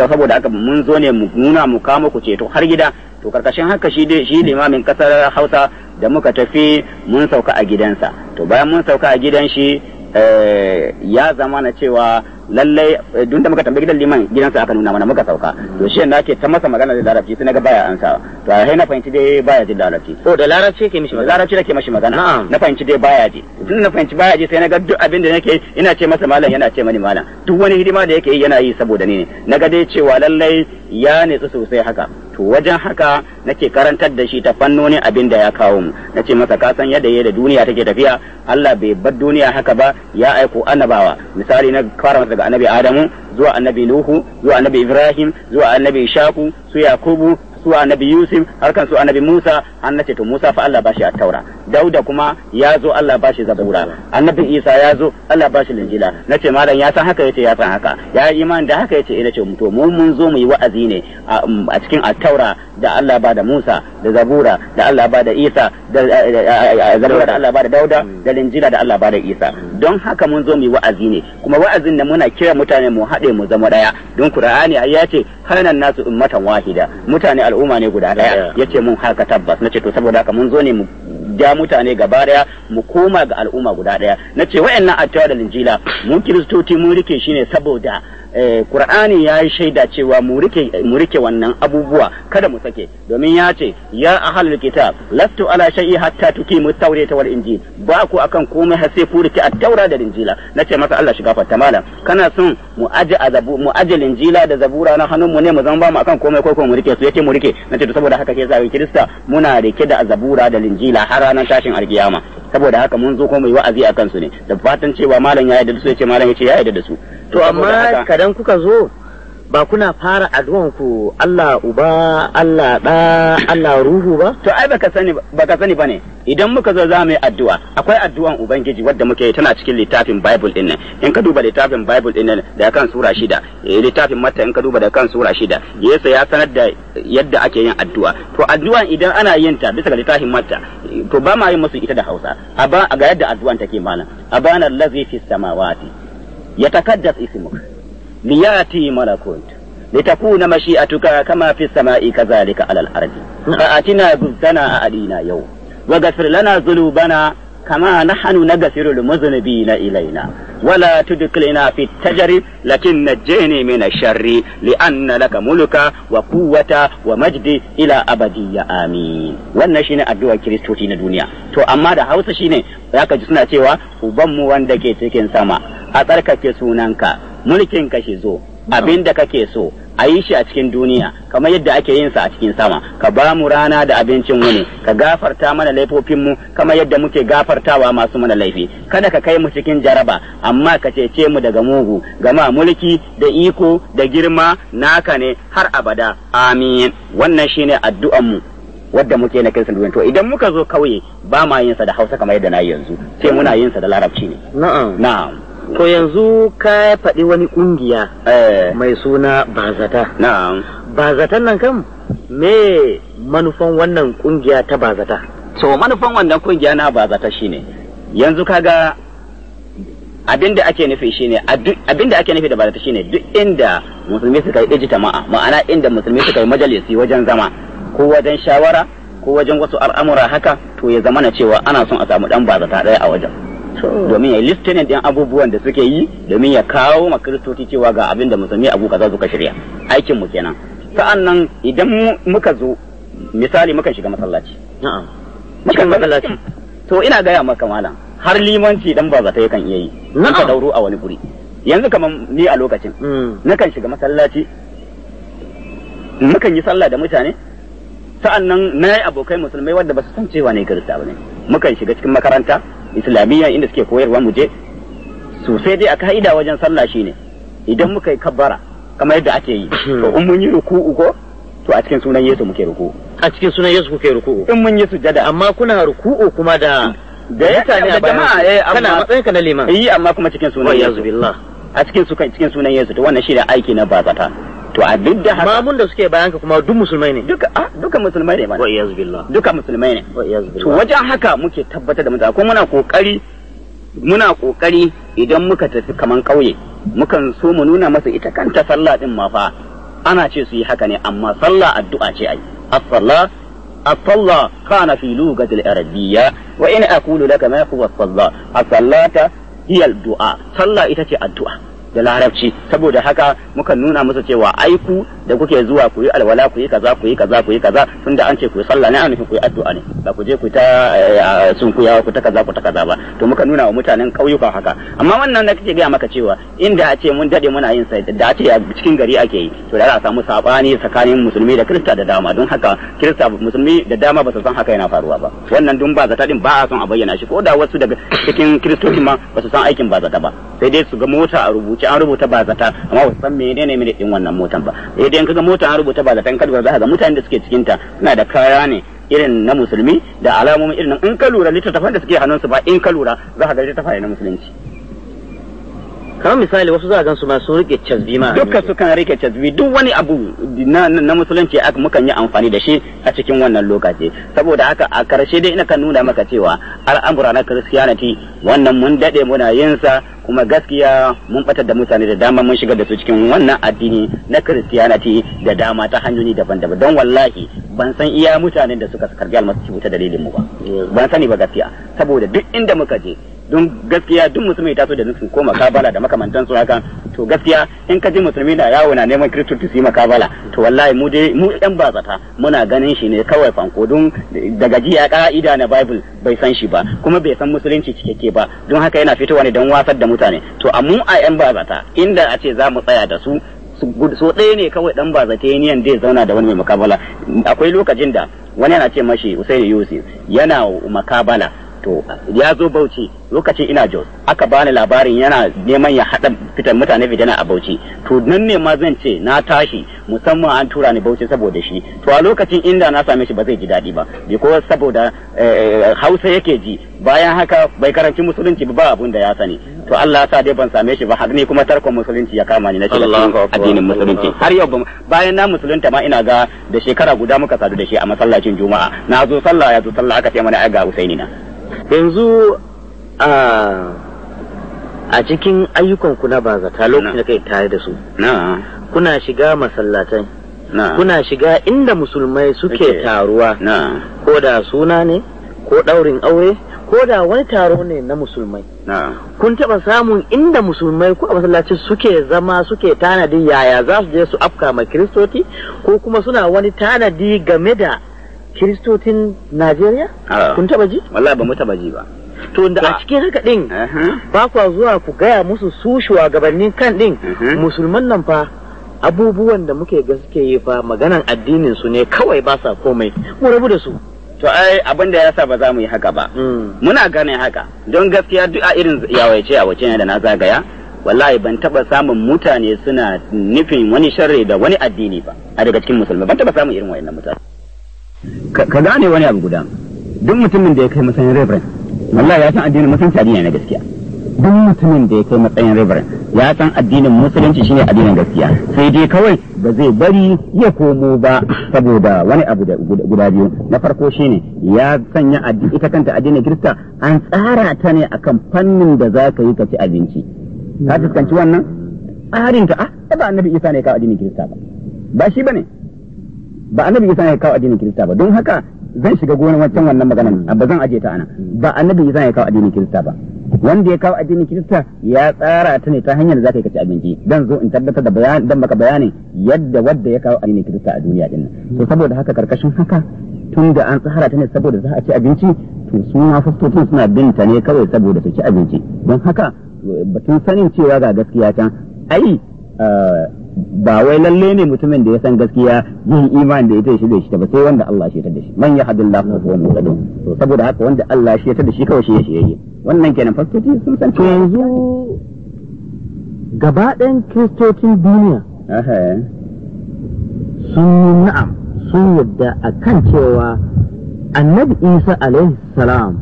saboda haka mun zo ne mu nuna mu kama ku ceto har gida to karkashin haka shi dai shi limamin kasar Hausa da muka tafi mun sauka a gidansa to bayan mun sauka a gidan shi eh, ya zama na cewa lallai eh, duk da muka tambayi gidan liman gidansa aka nuna mana muka sauka to shi yana ake ta masa magana da larabci sai naga baya ansa to a na fahimci dai baya ji larabci oh da larabci ke mishi magana larabci ke mishi magana na fahimci dai baya ji tun na fahimci baya ji sai naga duk abin da nake ina ce masa malam yana ce mani malam duk wani hidima da yake yi yana yi saboda ni ne naga dai cewa lallai ya nitsu sosai haka to wajen haka nake karantar da shi ta fannoni abin da ya kawo mu nace masa ka san yadda yadda duniya take tafiya Allah bai bar duniya haka ba ya aiko annabawa misali na fara masa daga annabi Adamu zuwa annabi Nuhu zuwa annabi Ibrahim zuwa annabi Ishaku su Yakubu su annabi Yusuf harkan su annabi Musa an to Musa fa Allah bashi shi taura Dauda kuma ya zo Allah bashi zabura annabi Isa ya zo Allah bashi linjila nace malam ya san haka yace ya san haka ya yi imani da haka yace eh, ce mu to mu mun zo mu yi wa'azi ne a um, cikin attaura taura da Allah ba da Musa da zabura da Allah ba da Isa da eh, eh, zabura da Allah ba da Dauda da linjila da Allah ba da Isa don haka mun zo mu yi wa'azi ne kuma wa'azin da muna kira mutane mu haɗe mu zama daya don Qur'ani ya ce hanan nasu ummatan wahida mutane al'umma ne guda daya ce mun haka tabbas nace to saboda haka mun zo ne mu ja mutane gaba daya mu koma ga al'umma guda daya nace wayannan attawa da linjila mun kiristoci mun rike shi ne saboda kur'ani eh, ya yi shaida cewa mu rike wannan abubuwa kada mu sake domin ya ce ya ahalul kitab lastu ala shay'i hatta tuqimu tawrata wal injil ba ku akan komai har sai ku rike at-taura da injila nace masa Allah shiga fata malam kana son mu aje azabu mu aje injila da zabura na hannun mu ne mu zan ba mu akan komai ko ko mu rike su yace mu rike nace to saboda haka ke sa kirista muna rike da zabura da injila har ranar tashin alkiyama saboda haka mun zo kuma yi wa'azi a kansu ne da fatan cewa malam ya yarda da su ya ce malam ya ce ya yarda da su to amma kadan kuka zo ba kuna fara addu'an ku Allah uba Allah da Allah ruhu ba to ai baka sani baka sani bane idan muka zo za mu yi addu'a akwai addu'an ubangiji wadda muke tana cikin littafin bible din nan in ka duba littafin bible din nan da kan sura shida eh, littafin mata in ka duba da kan sura shida yesu ya sanar da yadda ake yin addu'a to addu'a idan ana yin ta bisa ga littafin mata to ba ma yin musu ita da hausa a ga yadda addu'an take mana abana allazi fis samawati yatakaddas ismuka لياتي ملكوت لتكون مشيئتك كما في السماء كذلك على الأرض فأتنا بذنى أدينا يوم وغفر لنا ذنوبنا كما نحن نغفر المذنبين إلينا ولا تدخلنا في التجر لكن نجيني من الشر لأن لك ملك وقوة ومجد إلى أبدية آمين wannan shine addu'ar kristoci na duniya to amma da hausa shine zaka ji suna cewa ubanmu wanda ke cikin sama a tsarkake sunanka mulkin ka shi zo abin da kake so a yi shi a cikin duniya kamar yadda ake yin sa a cikin sama ka ba mu rana da abincin wuni ka gafarta mana laifofin mu kamar yadda muke gafartawa masu mana laifi kada ka kai mu cikin jaraba amma ka cece mu daga mugu gama mulki da iko da girma naka ne har abada amin wannan shine addu'an mu wadda muke na kirsan duniya to idan muka zo kauye ba ma yin sa da Hausa kamar yadda na yanzu sai muna yin sa da Larabci ne na'am na'am to yanzu ka faɗi wani ƙungiya eh. mai suna bazata na'am bazatan nan kam me manufan wannan ƙungiya ta bazata to manufan wannan ƙungiya na bazata shine yanzu kaga abinda ake nufi shine abinda ake nufi da bazata shine duk inda musulmi suka yi ijtama'a ma'ana inda musulmi suka yi majalisi wajen zama ko wajen shawara ko wajen wasu al'amura haka to ya zamana cewa ana son a samu dan bazata ɗaya a wajen domin ya listening din abubuwan da suke yi domin ya kawo ma kristoci cewa ga abin da musulmi abu kaza suka shirya aikin mu kenan sa'an nan idan muka zo misali muka shiga masallaci na'am muka masallaci to ina gaya maka malam har limanci dan ba ta yakan iya yi na'am dauro a wani guri yanzu kaman ni a lokacin mm. nakan shiga masallaci nakan yi sallah da mutane sa'annan na yi abokai musulmai wadda ba su san cewa ne kirista ba ne mukan shiga cikin makaranta islamiyya inda suke koyarwa mu je sai dai a ka'ida wajen sallah shine idan muka yi kabbara kamar yadda ake yi [coughs] to in mun yi ruku'u ko to a cikin sunan Yesu muke ruku'u a cikin sunan Yesu kuke ruku'u in mun yi sujada amma kuna ruku'u kuma da da mutane a bayan eh, Kana kana matsayinka na liman eh amma kuma cikin sunan Yesu a cikin sunan Yesu to wannan shi da aiki na bazata to a duk da haka mamun da suke bayanka kuma duk musulmai ne duka ah duka musulmai ne wa iyaz billah duka musulmai ne wa billah to wajen haka muke tabbatar da mutane kuma muna kokari muna kokari idan muka tafi kaman kauye mukan so mu nuna masa ita kanta sallah din ma fa ana ce su yi haka ne amma sallah addu'a ce ai as-sallah as-sallah kana fi lugatil arabiyya wa in aqulu laka ma huwa as-sallah as-sallata hiya ad-du'a sallah ita ce addu'a da larabci saboda haka muka nuna musu cewa aiku da kuke zuwa ku yi alwala ku yi kaza ku yi kaza ku yi kaza da an ce ku yi sallah ne an ku yi addu'a ne ba ku je ku ta eh, sunkuyawa ku ta kaza ku ta kaza ba to muka nuna wa mutanen kauyuka haka amma wannan da kake gaya maka cewa inda a ce mun dade muna yin sai da a ce a cikin gari ake yi to da za a samu sabani tsakanin musulmi da kirista da dama don haka kirista musulmi da dama ba su san haka yana faruwa ba wannan dun ba zata din ba a son a bayyana shi ko da wasu daga cikin kristoci ma ba su san aikin ba zata ba sai dai su ga mota a rubuce ce an rubuta ba zata amma ba san menene ne din wannan motan ba idan eh, kaga mota an rubuta ba zata in ka zaka ga mutanen da suke cikin ta suna da kaya ne irin na musulmi da alamomin irin in ka lura littattafan da suke hannunsu ba in ka lura zaka ga littattafai na musulunci kamar misali wasu za a gan su ma sun rike cazbi ma dukkan su kan rike cazbi duk wani abu na, na musulunci aka mukan yi amfani da shi a cikin wannan lokaci saboda haka a karshe dai ina kan nuna maka cewa al'amura na christianity wannan mun dade muna yin sa kuma gaskiya mun batar da mutane da dama mun shiga da su cikin wannan addini na christianity da dama ta hanyoyi daban-daban don wallahi ban san iya mutanen da suka karbi almasu ci dalilin mu ba ban sani ba gaskiya saboda duk inda muka je don gaskiya duk musulmi ya taso da nufin ko makabala da makamantan su haka to gaskiya in ka ji musulmi na yawo na neman kristo su yi makabala to wallahi mu dai mu yan bazata muna ganin shi ne kawai fanko don daga ji ya ka'ida na bible bai san shi ba kuma bai san musulunci cikakke ba don haka yana fitowa ne don wasar da mutane to amma a yan bazata inda a ce za mu tsaya da su so ɗaya ne kawai dan niyan zai zauna da wani mai makabala akwai lokacin da wani yana ce mashi Usaini Yusuf yana makabala to ya zo Bauchi lokacin ina Jos aka bani labarin yana neman ya hada fitar mutane fitana a Bauchi to nan ne ma zan ce na tashi musamman an tura ni Bauchi saboda shi to a lokacin inda na same shi ba zai ji daɗi ba because saboda eh, eh, Hausa yake ji bayan haka bai karanci musulunci ba abun da ya sani to Allah ya sa dai ban same shi ba har ni kuma tarkon musulunci ya kama ni na shiga addinin musulunci har yau bayan na musulunta ma ina ga da shekara guda muka sadu da shi a masallacin juma'a na zo sallah ya zo sallah aka ce mana ai ga Usaini na yanzu a cikin ayyukan na bazata lokacin da kai tare da su kuna shiga masallatai kuna shiga inda musulmai suke taruwa ko da suna ne ko daurin aure ko da wani taro ne na musulmai kun taba samun inda musulmai ko a masallaci suke zama suke tanadi yaya za su je su afka ma kiristoci ko kuma suna wani tanadi game da kiristocin Najeriya? Ah. Kun taba ji? Wallahi ba mu taba ji ba. To da a cikin haka din ba kwa zuwa ku gaya musu su shugabannin kan din musulman nan fa abubuwan da muke ga suke yi fa maganan addinin su ne kawai ba sa komai mu rabu da su. To ai abin da ya sa ba za mu yi haka ba. Hmm. Muna gane haka don gaskiya duk a irin yawaice a wace da na zagaya wallahi ban taba samun mutane suna nufin wani sharri da wani addini ba a daga cikin musulmai ban taba samun irin wayannan mutane. ka gane wani abu guda duk mutumin da ya kai matsayin reverend wallahi ya san addinin musulunci addini na gaskiya duk mutumin da ya kai matsayin reverend ya san addinin musulunci shine addinin gaskiya sai dai kawai ba zai bari ya komo ba saboda wani abu da guda biyu na farko shine ya sanya ita kanta addinin kirista an tsara ta ne akan fannin da za ka yi ka ci abinci ka fuskanci wannan tsarin ka ah ba annabi isa ne ka addinin kirista ba ba shi bane ba annabi isa ya kawo addinin kirista ba don haka zan shiga gonar wancan wannan maganar hmm. ba zan aje ta ana ba annabi isa ya kawo addinin kirista ba wanda ya kawo addinin kirista ya tsara ta ne ta hanyar da zaka yi kaci abinci dan zo in tabbatar da bayan dan maka bayani yadda wadda ya kawo addinin kirista a duniya din to hmm. saboda haka karkashin haka tun da an tsara ta ne saboda za a ci abinci to su ma fastocin suna bin ta ne kawai saboda su ci abinci don haka batun sanin cewa ga gaskiya can ai ah, ba wai lalle ne mutumin da ya san gaskiya yin imani da ita shi da shi ta ba sai wanda Allah shi ta da shi man ya hadin lafa ko wani gado to saboda haka wanda Allah shi ta da shi kawai shi ya shige wannan kenan fastoci sun san cewa yanzu gaba ɗayan kiristocin duniya sun yi na'am sun yadda a kan cewa annabi isa alaihi salam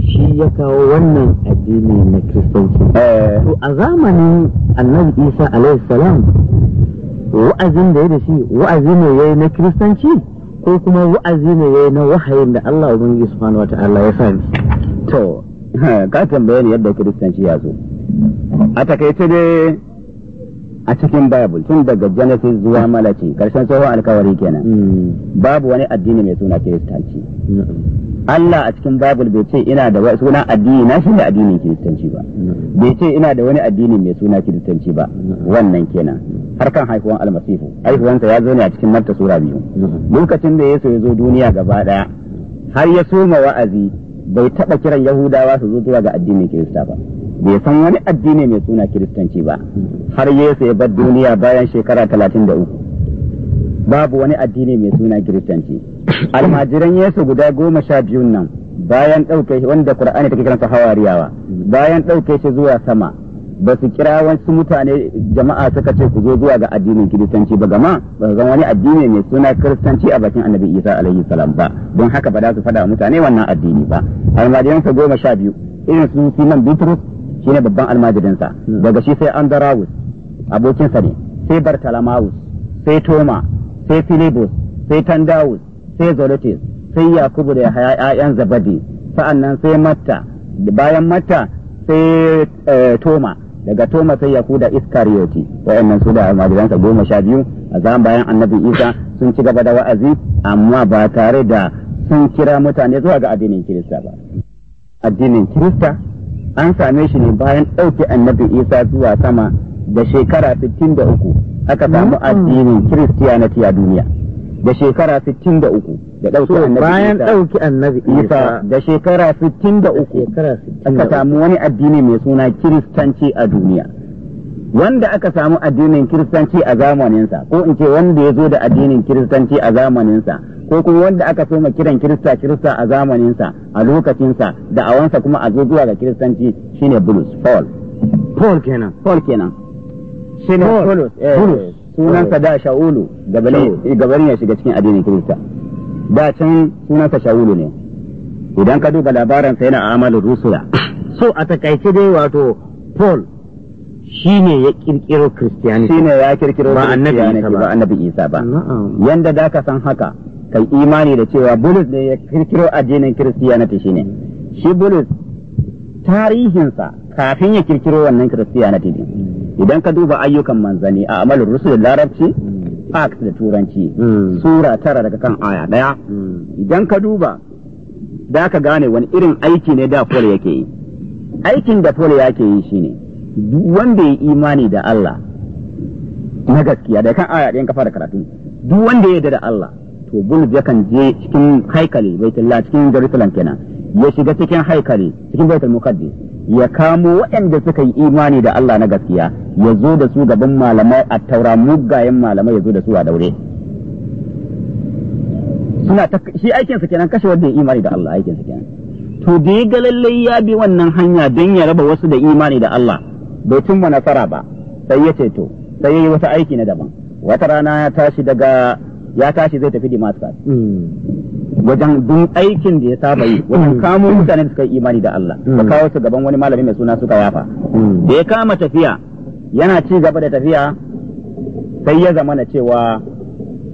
shi ya kawo wannan addini na kiristanci eh. to a zamanin annabi isa alaihi salam wa'azin da ya da shi wa'azi ne yayi na kiristanci ko kuma wa'azi ne yayi na wahayin da Allah ubangiji subhanahu wata'ala ya sa to [laughs] ka tambaye ni yadda kiristanci ya zo a takaice dai a cikin bible tun daga genesis zuwa malachi karshen tsohon alkawari kenan hmm. babu wani addini mai suna kiristanci Allah a cikin Bible bai ce ina da suna addini na shi da addinin kiristanci ba bai ce ina da wani addini mai suna kiristanci ba wannan kenan har kan haihuwan almasifu haihuwansa ya zo ne a cikin marta sura biyu lokacin da Yesu ya zo duniya gaba daya har ya soma wa'azi bai taba kiran Yahudawa su zo zuwa ga addinin Kirista ba bai san wani addini mai suna kiristanci ba har Yesu ya bar duniya bayan shekara talatin da uku babu wani addini mai suna kiristanci almajiran yesu guda goma sha biyun nan bayan ɗauke shi wanda qur'ani take kiransa hawariyawa bayan ɗauke shi zuwa sama ba su kira wasu mutane jama'a suka ce ku zo zuwa ga addinin kiristanci ba gama ba su wani addini mai suna kiristanci a bakin annabi isa alaihi salam ba don haka ba za su faɗa mutane wannan addini ba almajiransa goma sha biyu irin su siman bitrus shine babban almajirinsa daga shi sai andarawus abokinsa ne sai bartalamawus sai toma sai filibus sai tandawus sai zolotis sai yakubu da ya'yan zabadi sa'annan sai matta bayan mata sai eh, toma daga toma sai yaku da iskariyoti wa'annan su da majalansa goma sha biyu a zaman bayan annabi isa sun ci gaba da wa'azi amma ba tare da sun kira mutane zuwa ga addinin kirista ba addinin kirista an same shi ne bayan ɗauke annabi isa zuwa sama da shekara 63 aka samu mm-hmm. addinin kiristiyaniti a duniya da shekara 63 da ɗauki annabi Isa. bayan ɗauki annabi isa da shekara 63 aka samu wani addini mai suna kiristanci a duniya wanda aka samu addinin kiristanci a zamaninsa ko in ce wanda ya zo da addinin kiristanci a zamaninsa ko kuma wanda aka soma kiran kirista kirista a zamaninsa a lokacinsa da awansa kuma a zo zuwa ga kiristanci shine bulus paul paul kenan paul kenan shine bulus eh, bulus sunansa da sha'ulu gabanin hmm. eh, ya shiga cikin addinin kirista da can sunansa sha'ulu ne idan ka duba labaran sai na amalin rusula [coughs] so a takaice dai wato paul shine ya kirkiro christianity shine ya kirkiro ba annabi isa ba yanda da ka san haka kai imani da cewa bulus ne ya kirkiro addinin christianity shine shi bulus tarihinsa kafin ya kirkiro wannan christianity idan ka duba ayyukan manzani a amalin rusul larabci hmm. acts da turanci hmm. sura tara daga kan aya daya hmm. idan ka duba da ka gane wani irin aiki ne da Paul yake yi aikin da fol yake yi shine duk wanda ya imani da Allah na gaskiya da kan aya ɗayan kafa da karatu duk wanda ya yarda da Allah to bulus yakan je cikin haikali baitullah cikin Jerusalem kenan ya shiga cikin haikali cikin baitul mukaddis ya kamo waɗanda suka yi imani da Allah na gaskiya ya zo da su gaban malamai a taura mugayen malamai ya zo da su a daure suna ta shi aikin kenan kashe wanda ya imani da Allah aikin kenan to da ya ga lallai ya bi wannan hanya don ya raba wasu da imani da Allah bai cimma nasara ba sai ya ce to sai ya yi wata aiki na daban wata rana ya tashi daga ya tashi zai tafi Damascus hmm. wajen dun aikin da ya saba yi wajen hmm. kamo mutanen suka yi imani da Allah Ba hmm. kawo su gaban wani malami mai suna suka yafa da ya kama tafiya yana ci gaba da tafiya sai ya zama na cewa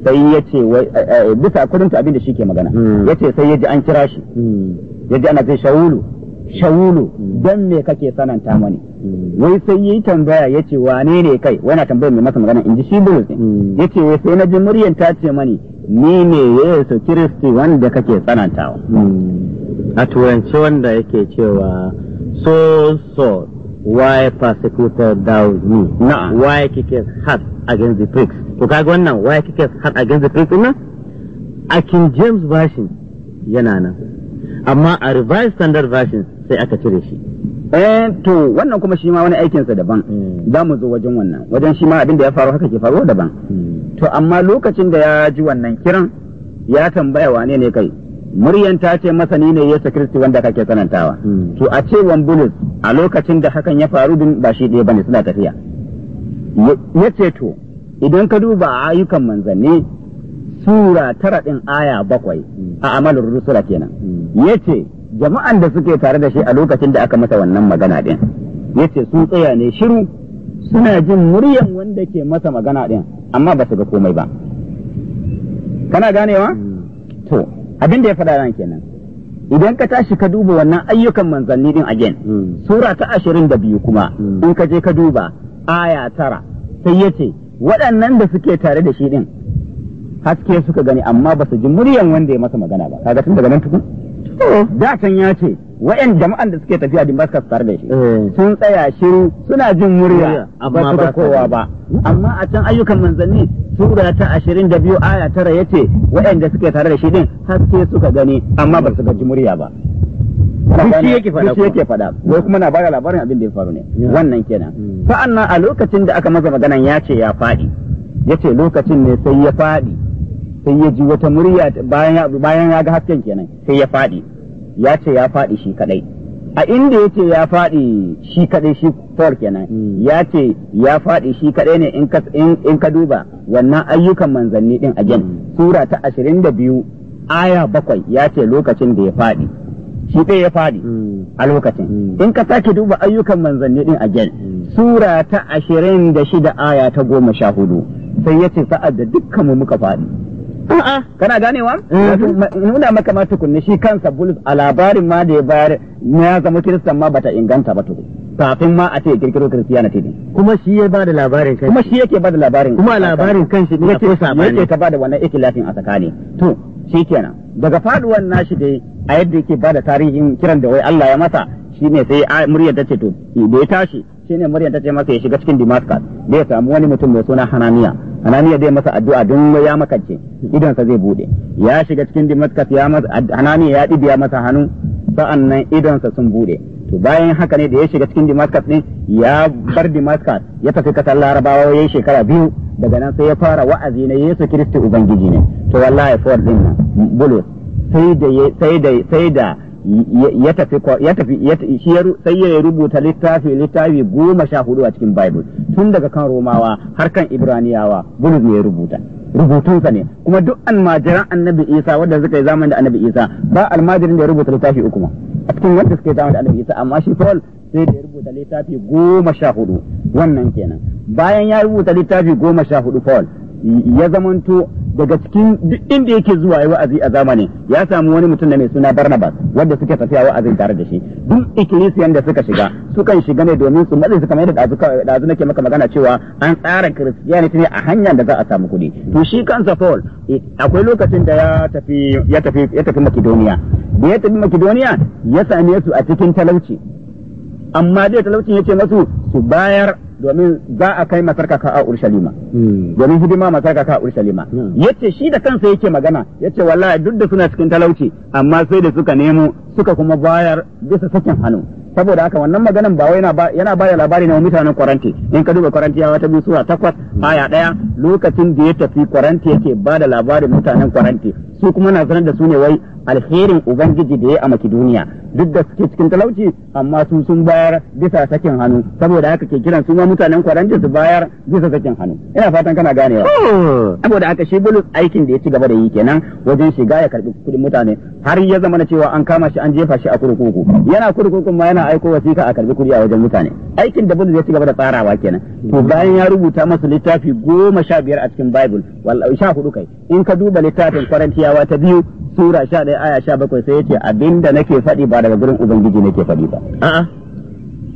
sai ya ce eh, eh, eh, bisa kudinta abin da shi ke magana ya ce sai ya ji an kira shi ya ji ana zai shawulu shawulu don me kake sananta mani wai sai yi tambaya ya ce wane ne kai wani tambayar mai masa magana in ji shi bulus hmm. ya ce wai sai na ji muryan ta ce mani ni ne yesu kiristi wanda kake tsanantawa hmm. a turanci wanda yake cewa so so why persecuted thou me Na. why kike hard against the pricks to kaga wannan why kike hard against the pricks na a king james version yana nan amma a revised standard version sai aka cire shi eh to wannan kuma shi ma wani aikinsa daban hmm. za mu zo wajen wannan wajen shi ma abin ya faru haka ke faruwa daban hmm. to amma lokacin da ya ji wannan kiran ya tambaya wane ne kai muryan ta ce masa ni ne Yesu kristi wanda kake sanantawa hmm. to a cewan Bulus a lokacin da hakan ya faru din ba shi ɗaya bane suna tafiya ya ce to idan ka duba ayyukan manzanni sura tara ɗin aya bakwai a amalin rusula kenan ya ce jama'an da suke tare da shi a lokacin da aka masa wannan magana din yace sun tsaya ne shiru suna jin muryan wanda ke masa magana din amma ba su ga komai ba kana ganewa to abin da ya faɗa ran kenan idan ka tashi ka duba wannan ayyukan manzanni din again sura ta ashirin da biyu kuma in ka je ka duba aya tara sai yace waɗannan da suke tare da shi din haske suka gani amma ba su ji muryan wanda ya masa magana ba kaga tun daga nan tukun da kan ya ce wa'yan jama'an da suke tafiya dimbaskar tare da shi eh. sun tsaya shiru suna jin murya ba su da kowa ba amma a can ayyukan manzanni sura ta ashirin da biyu aya tara ya ce wa'yanda suke tare da shi din haske suka gani amma ba su gaji murya ba shi yake faɗa shi yake faɗa wai kuma na bada labarin abin da ya faru ne wannan kenan hmm. sa'an nan a lokacin da aka masa maganan ya ce ya faɗi ya ce lokacin ne sai ya faɗi sai ya ji wata murya bayan ya ga hasken kenan sai ya faɗi ya ce ya faɗi shi kadai a inda ya ce ya faɗi shi kadai shi kawar kenan hmm. ya ce ya faɗi shi kadai ne in ka duba wannan ayyukan manzanni din a gen hmm. sura ta ashirin da biyu aya bakwai ya ce lokacin da ya faɗi shi ɗaya ya faɗi hmm. a lokacin in ka sake duba ayyukan manzanni din a gen sura ta ashirin da shida aya ta goma sha hudu sai ya ce sa'ad da dukkanmu muka faɗi kana ganewa mhm. nuna maka ma tukunni shi kansa bulus a labarin ma da ya bayar ya zama kiristan ma bata inganta ba tukun kafin ma a ce kirkiro na ne kuma shi ya bada labarin kanshi kuma shi yake bada labarin kuma labarin kan shi ne ko sabani yake ta bada wannan ikilafin a tsakani to kenan daga faduwan nashi dai a yadda yake bada tarihin kiran da wai Allah ya masa shine sai muryar ta ce to da ya tashi shine Maryam ta ce masa ya shiga cikin Damascus da ya samu wani mutum mai suna Hananiya Hananiya zai masa addu'a don ya makance idonsa zai bude ya shiga cikin Damascus ya masa Hananiya ya dibiya masa hannu sa'annan idonsa sun bude to bayan haka ne da ya shiga cikin Damascus ne ya bar Damascus ya tafi kasar Larabawa ya yi shekara biyu daga nan sai ya fara wa'azi na Yesu Kiristi Ubangiji ne to wallahi for din nan bulus sai da sai da sai da ya tafi ya tafi sai ya rubuta littafi littafi goma sha hudu a cikin bible tun daga kan romawa har kan ibraniyawa bulus ne ya rubuta rubutunsa ne kuma duk almajiran annabi isa wanda suka yi zamani da annabi isa ba almajirin da ya rubuta littafi uku ma a cikin wanda suka yi zamani da annabi isa amma shi paul sai da ya rubuta littafi goma sha hudu wannan kenan bayan ya rubuta littafi goma sha hudu paul ya zamanto daga cikin duk inda yake zuwa yi wa'azi a zamani ya samu wani mutum na mai suna Barnabas wanda suke tafiya wa'azin tare da shi duk ikkilisiyan da suka shiga sukan shiga ne domin su matsayi su da yadda dazu nake maka magana cewa an tsara Christianity ne a hanyar da za a samu kuɗi to shi kansa Paul akwai lokacin da ya tafi ya Makedoniya da ya tafi Makedoniya ya same su a cikin talauci amma dai talaucin ce masu su bayar domin za a kai masarkaka a Urshalima hmm. domin hidima masarkaka a Urshalima hmm. yace shi da kansa yake magana yace wallahi duk da suna cikin talauci amma sai da suka nemo suka kuma bayar bisa sakin hannu saboda haka wannan maganan ba wai yana bada labari na mutanen kwaranti in ka duba kwaranti ya ta biyu suwa takwas aya ɗaya. lokacin da ya tafi kwaranti yake ba da labarin mutanen kwaranti su kuma na sanar da su ne wai alherin ubangiji da ya a duniya duk da suke cikin talauci amma su sun bayar bisa sakin hannu saboda haka ke kiran su ma mutanen kwaranci su bayar bisa sakin hannu ina fatan kana ganewa oh. saboda haka shi bulus aikin da ya ci gaba da yi kenan wajen shiga ya karbi kudin mutane har ya zama na cewa an kama shi an jefa shi a kurkuku yana kurkukun ma yana aiko wasika a karbi kudi a wajen mutane aikin da bulus ya ci gaba da tsarawa kenan to bayan ya rubuta masa littafi goma sha biyar a cikin bible sha hudu kai in ka duba littafin kwarantiyawa ta biyu sura ɗaya aya sha bakwai sai yace abinda nake faɗi ba daga gurin ubangiji nake faɗi ba a'a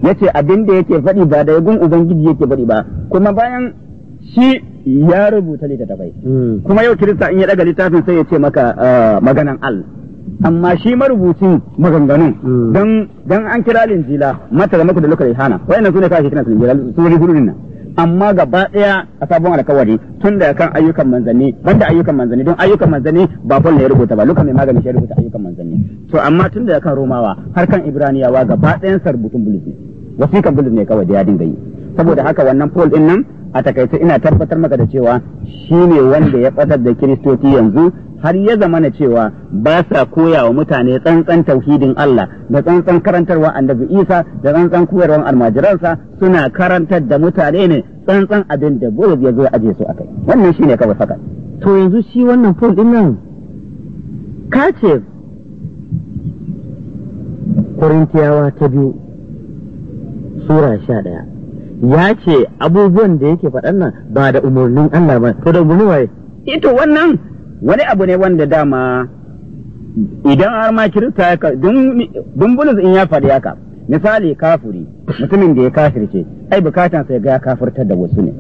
yace abinda yake faɗi ba daga gurin ubangiji yake faɗi ba kuma bayan shi ya rubuta littattafai hmm. kuma yau kirista in ya ɗaga littafin sai ya ce maka ah, maganan al amma shi marubucin maganganun hmm. don an kira linjila mata da maku da lokacin hana wayannan su kawai shi linjila su ne gurin nan amma gaba daya a sabon alkawari tun da kan ayyukan manzanni banda ayyukan manzanni don ayyukan manzanni ba kun ne ya rubuta ba Luka mai magani shi ya rubuta ayyukan manzanni to amma tun da kan Romawa har kan Ibraniyawa gaba ɗayan sarbutun bulus ne wasikan bulus ne kawai da ya dinga yi saboda haka wannan Paul din nan a takaice ina tabbatar maka da cewa shi ne wanda ya batar da kiristoci yanzu har ya zama na cewa ba sa koya wa mutane tsantsan tauhidin Allah da tsantsan karantarwa annabi Isa da tsantsan koyarwar almajiransa suna karantar da mutane ne tsantsan abin da Bulus ya zo aje su akai wannan shine kawai saka to yanzu shi wannan fol din nan ka ce Korintiyawa ta biyu Sura sha ɗaya ya ce abubuwan da yake faɗan nan ba da umarnin Allah ba to da umarnin waye ito wannan wani abu ne wanda dama idan har ma kirista ya dun bulus in ya faɗi haka misali kafuri mutumin da ya kafirce ai bukatan sai ga ya kafirtar da wasu ne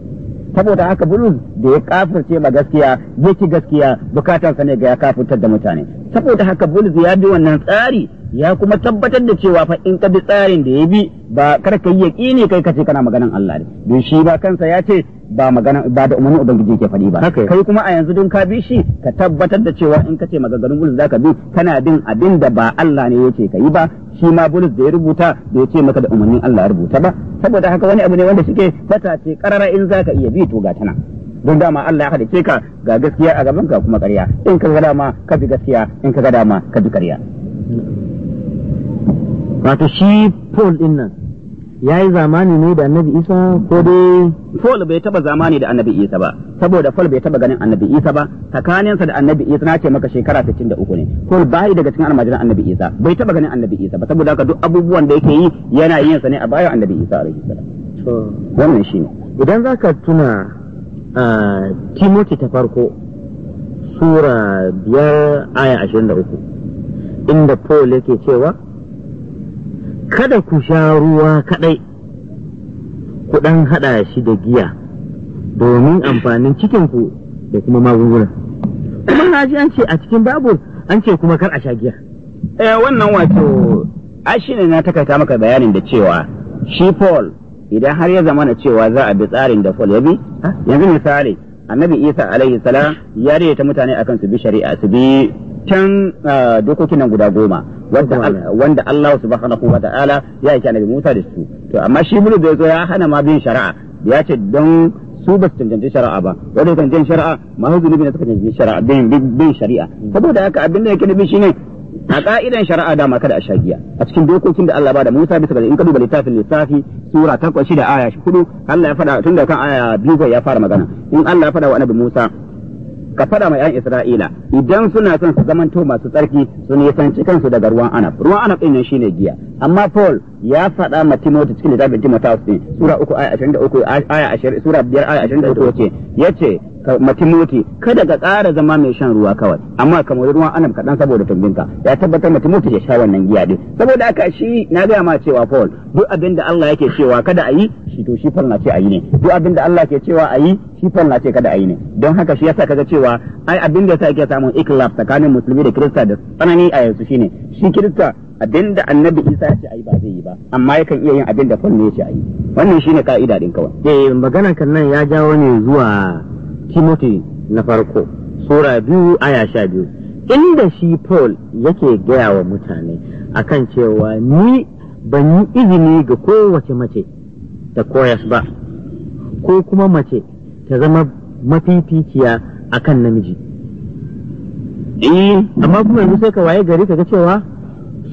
saboda haka bulus da ya kafirce ba gaskiya yake gaskiya bukatan sa ne ga ya kafirtar da mutane saboda haka bulus ya bi wannan tsari ya kuma tabbatar da cewa fa in ka bi tsarin da ya bi ba kar ka yi yaƙini kai kace kana maganan Allah ne don shi ba kansa ya ce ba magana ba da umarnin ubangiji ke faɗi ba kai kuma a yanzu dun ka bi shi ka tabbatar da cewa in ka ce maganganun bulus zaka bi kana bin abin da ba Allah ne yace ka yi ba shi ma bulus da ya rubuta da ya ce maka da umarnin Allah ya rubuta ba saboda haka wani abu ne wanda suke fata ce karara in zaka iya bi to ga tana don dama Allah ya halice ka ga gaskiya a gaban ka kuma ƙarya in ka ga ma ka bi gaskiya in ka ga ma ka bi ƙarya wato shi Paul din nan ya yi zamani ne da annabi isa ko dai fol bai taba zamani da annabi isa ba saboda fol bai taba ganin annabi isa ba tsakaninsa da annabi isa na ce maka shekara 63 ne fol bai daga cikin almajiran annabi isa bai taba ganin annabi isa ba saboda haka duk abubuwan da yake yi yana yin sa ne a bayan annabi isa alaihi salam wannan shine idan zaka tuna timoti ta farko sura biyar aya 23 inda paul yake cewa kada ku sha ruwa kaɗai ku ɗan haɗa shi da giya domin amfanin cikinku da kuma magunguna kuma na an ce a cikin babu an ce kuma kar a sha giya eh wannan wato shi ne na takaita maka bayanin da cewa shi Paul idan har ya zama na cewa za a bi tsarin da Paul ya bi yanzu misali annabi Isa alaihi salam ya ta mutane akan su bi shari'a su bi can ah, dokokin nan guda goma wanda Allah subhanahu wa ta'ala ya yake annabi Musa da su to amma shi bulu da yazo ya hana ma bin shari'a ya ce don su ba su cancanci shari'a ba wanda kan jin shari'a ma hu zunubi bin suka cancanci shari'a bin bin shari'a saboda haka abin da yake shi shine a ka'idan shari'a dama kada a sha a cikin dokokin da Allah ba da Musa bisa ga in ka duba littafin lissafi sura ta kwashi da aya hudu Allah ya faɗa tun da kan aya biyu ya fara magana in Allah ya faɗa wa annabi Musa ka faɗa mai ‘yan Isra'ila idan suna son su zamanto masu tsarki su nisanci kansu daga ruwan anab ruwan anab ɗin nan shine giya amma Paul ya faɗa ma Timothy cikin littafin Timotheus ɗin sura 3 aya 23 aya ashirin sura 5 aya 23 da uku yace Eh, matimoti kada ka kara zama mai shan ruwa kawai amma kamar ruwan anab kaɗan saboda tumbinka ya tabbatar matimoti ya sha wannan giya din saboda haka shi na gaya ma cewa Paul duk abin da Allah yake cewa kada a yi shi to shi Paul na ce a yi ne duk abin da Allah yake cewa a yi shi Paul na ce kada a yi ne don haka shi yasa kaga cewa ai abin da yasa yake samun ikhlas tsakanin musulmi da kirista da tsanani a yanzu shine shi kirista abin da annabi isa ya ce ayi ba zai yi ba amma yakan iya yin abin da ne ya ce ayi wannan shine ka'ida din kawai eh maganan kan nan ya jawo ne zuwa timothy na farko sura biyu aya sha biyu inda shi paul yake gaya wa mutane akan cewa ni ban yi izini ga kowace mace ta koyas ba ko kuma mace ta zama mafificiya akan namiji eh, amma kuma yanzu sai ka waye gari ka ga cewa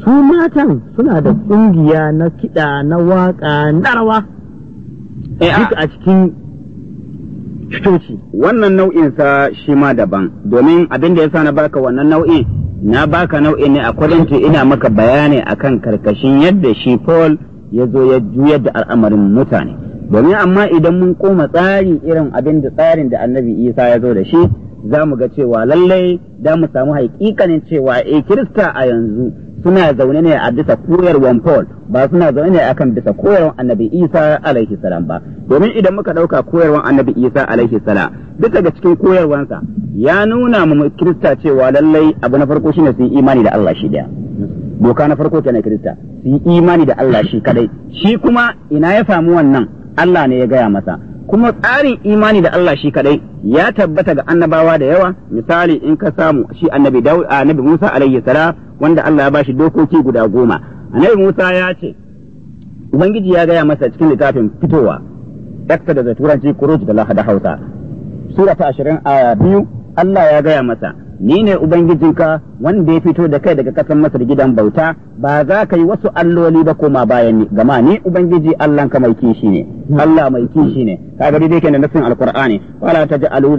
su matan suna da kungiya na kiɗa na waƙa na rawa eh, duk a cikin fitoci wannan nau'in sa shi ma daban domin abin da ya sa na baka wannan nau'in na baka nau'i ne a kwadanta ina maka bayani akan karkashin yadda shi Paul ya zo ya juyar da al'amarin mutane domin amma idan mun koma tsari irin abin da tsarin da annabi Isa ya zo da shi za mu ga cewa lallai za mu samu haƙiƙanin cewa eh Kirista a yanzu suna zaune ne a bisa koyarwan Paul ba suna zaune ne akan bisa koyarwan Annabi Isa alaihi salam ba domin idan muka dauka koyarwan Annabi Isa alaihi salam duk ga cikin koyarwansa ya nuna mu Kirista cewa lallai abu na farko shine su imani da Allah shi daya doka na farko kenan Kirista su imani da Allah shi kadai shi kuma ina ya samu wannan Allah ne ya gaya masa kuma tsarin imani da Allah shi kadai ya tabbata ga annabawa da yawa misali in ka samu shi annabi Dawud annabi Musa alayhi salam wanda Allah ya bashi dokoki guda goma annabi Musa ya ce ubangiji ya gaya masa cikin littafin fitowa daktar da turanci kuruci da Lahada Hausa sura ta 20 aya biyu Allah ya gaya masa ni ne ubangijinka wanda ya fito da kai daga ƙasar masar gidan bauta ba za ka yi wasu alloli ba koma bayan ni gama ni ubangiji allah ka mai kishi ne allah mai kishi ne ka gari dai kenan nasin ji wala taj'alu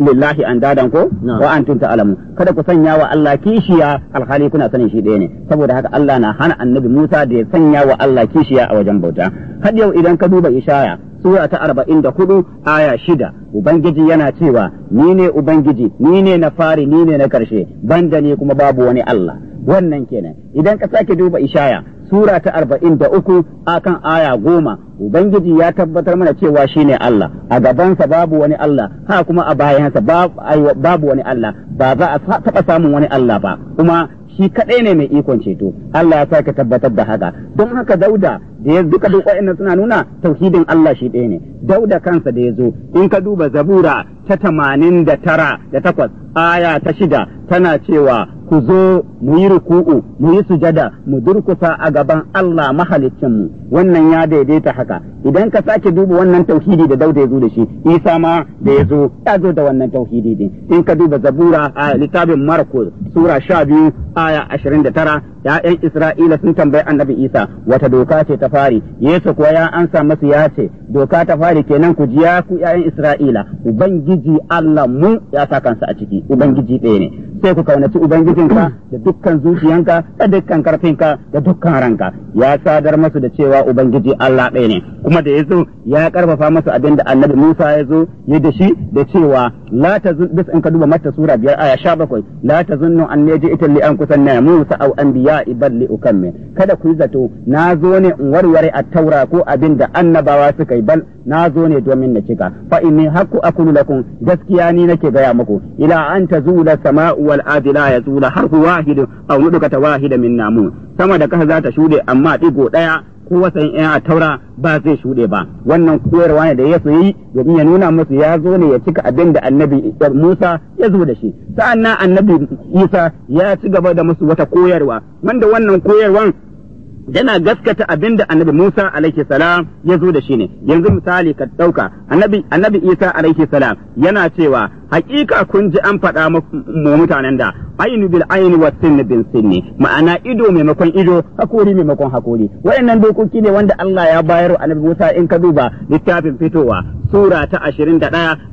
lillahi andadan ko wa alamu. kada ku sanya wa allah kishiya alhali kuna sanin shi ɗaya ne saboda haka allah na hana annabi musa da ya sanya wa allah kishiya a wajen bauta har yau idan ka duba ishaya sura ta arba'in da hudu aya shida ubangiji yana cewa ni ne ubangiji ni ne na fari ni ne na karshe banda ni kuma babu wani Allah wannan kenan idan ka sake duba ishaya sura ta arba'in da uku akan aya goma ubangiji ya tabbatar mana cewa shine Allah a gabansa babu wani Allah ha kuma a bayansa babu wani Allah ba za a taɓa samun wani Allah ba kuma shi kaɗai ne mai ikon ceto Allah ya sake tabbatar da haka don haka dauda da ya duka duk wa'annan suna nuna tauhidin Allah shi ɗaya ne dauda kansa da ya zo in ka duba zabura ta tamanin da tara da takwas aya ta shida tana cewa ku zo mu yi ruku'u mu yi sujada mu durkusa a gaban Allah mu wannan ya daidaita haka idan ka sake duba wannan tauhidi da dauda ya zo da shi isa ma da ya zo ya zo da wannan tauhidi din in ka duba zabura a littafin marko sura sha biyu aya ashirin da tara ya'yan Isra'ila sun tambayi annabi Isa wata doka ce ta fari Yesu kuwa ya ansa masu ya ce doka ta fari kenan ku jiya ku ya'yan Isra'ila ubangiji Allah mu ya sa kansa a ciki ubangiji ɗaya ne sai ku kaunaci ubangijinka da dukkan zuciyanka da dukkan karfinka da dukkan ranka ya sadar masu da cewa ubangiji Allah ɗaya ne kuma da yazo ya karfafa masu abin da annabi Musa ya zo ya da shi da cewa la tazun bis in ka duba mata sura 5 aya 17 la tazunnu an yaji ita li an kusan na Musa au anbiya iballi ukamme kada ku zato na zo ne in warware a taura ko abin da annabawa suka yi bal na zo ne domin na cika fa inni hakku akulu lakum gaskiya ni nake gaya muku ila an tazula sama'u wal adi la yazula harfu wahid aw ta wahida min namu sama da kasa za ta shude amma digo daya ko wasan yan a taura ba zai shuɗe ba wannan koyarwa ne da ya yi domin ya nuna musu ya zo ne ya cika abin da annabi Musa ya zo da shi sa'annan annabi Isa ya ci gaba da musu wata koyarwa wanda wannan koyarwan yana gaskata abinda da annabi Musa alaihi salam ya zo da shi ne yanzu misali ka ɗauka annabi annabi Isa alaihi salam yana cewa hakika kun ji an faɗa mu mutanen da ainu bil aini wa sinni bin sinni ma'ana ido maimakon ido hakori maimakon hakuri waɗannan dokoki ne wanda Allah ya bayar annabi Musa in ka duba littafin fitowa sura ta 21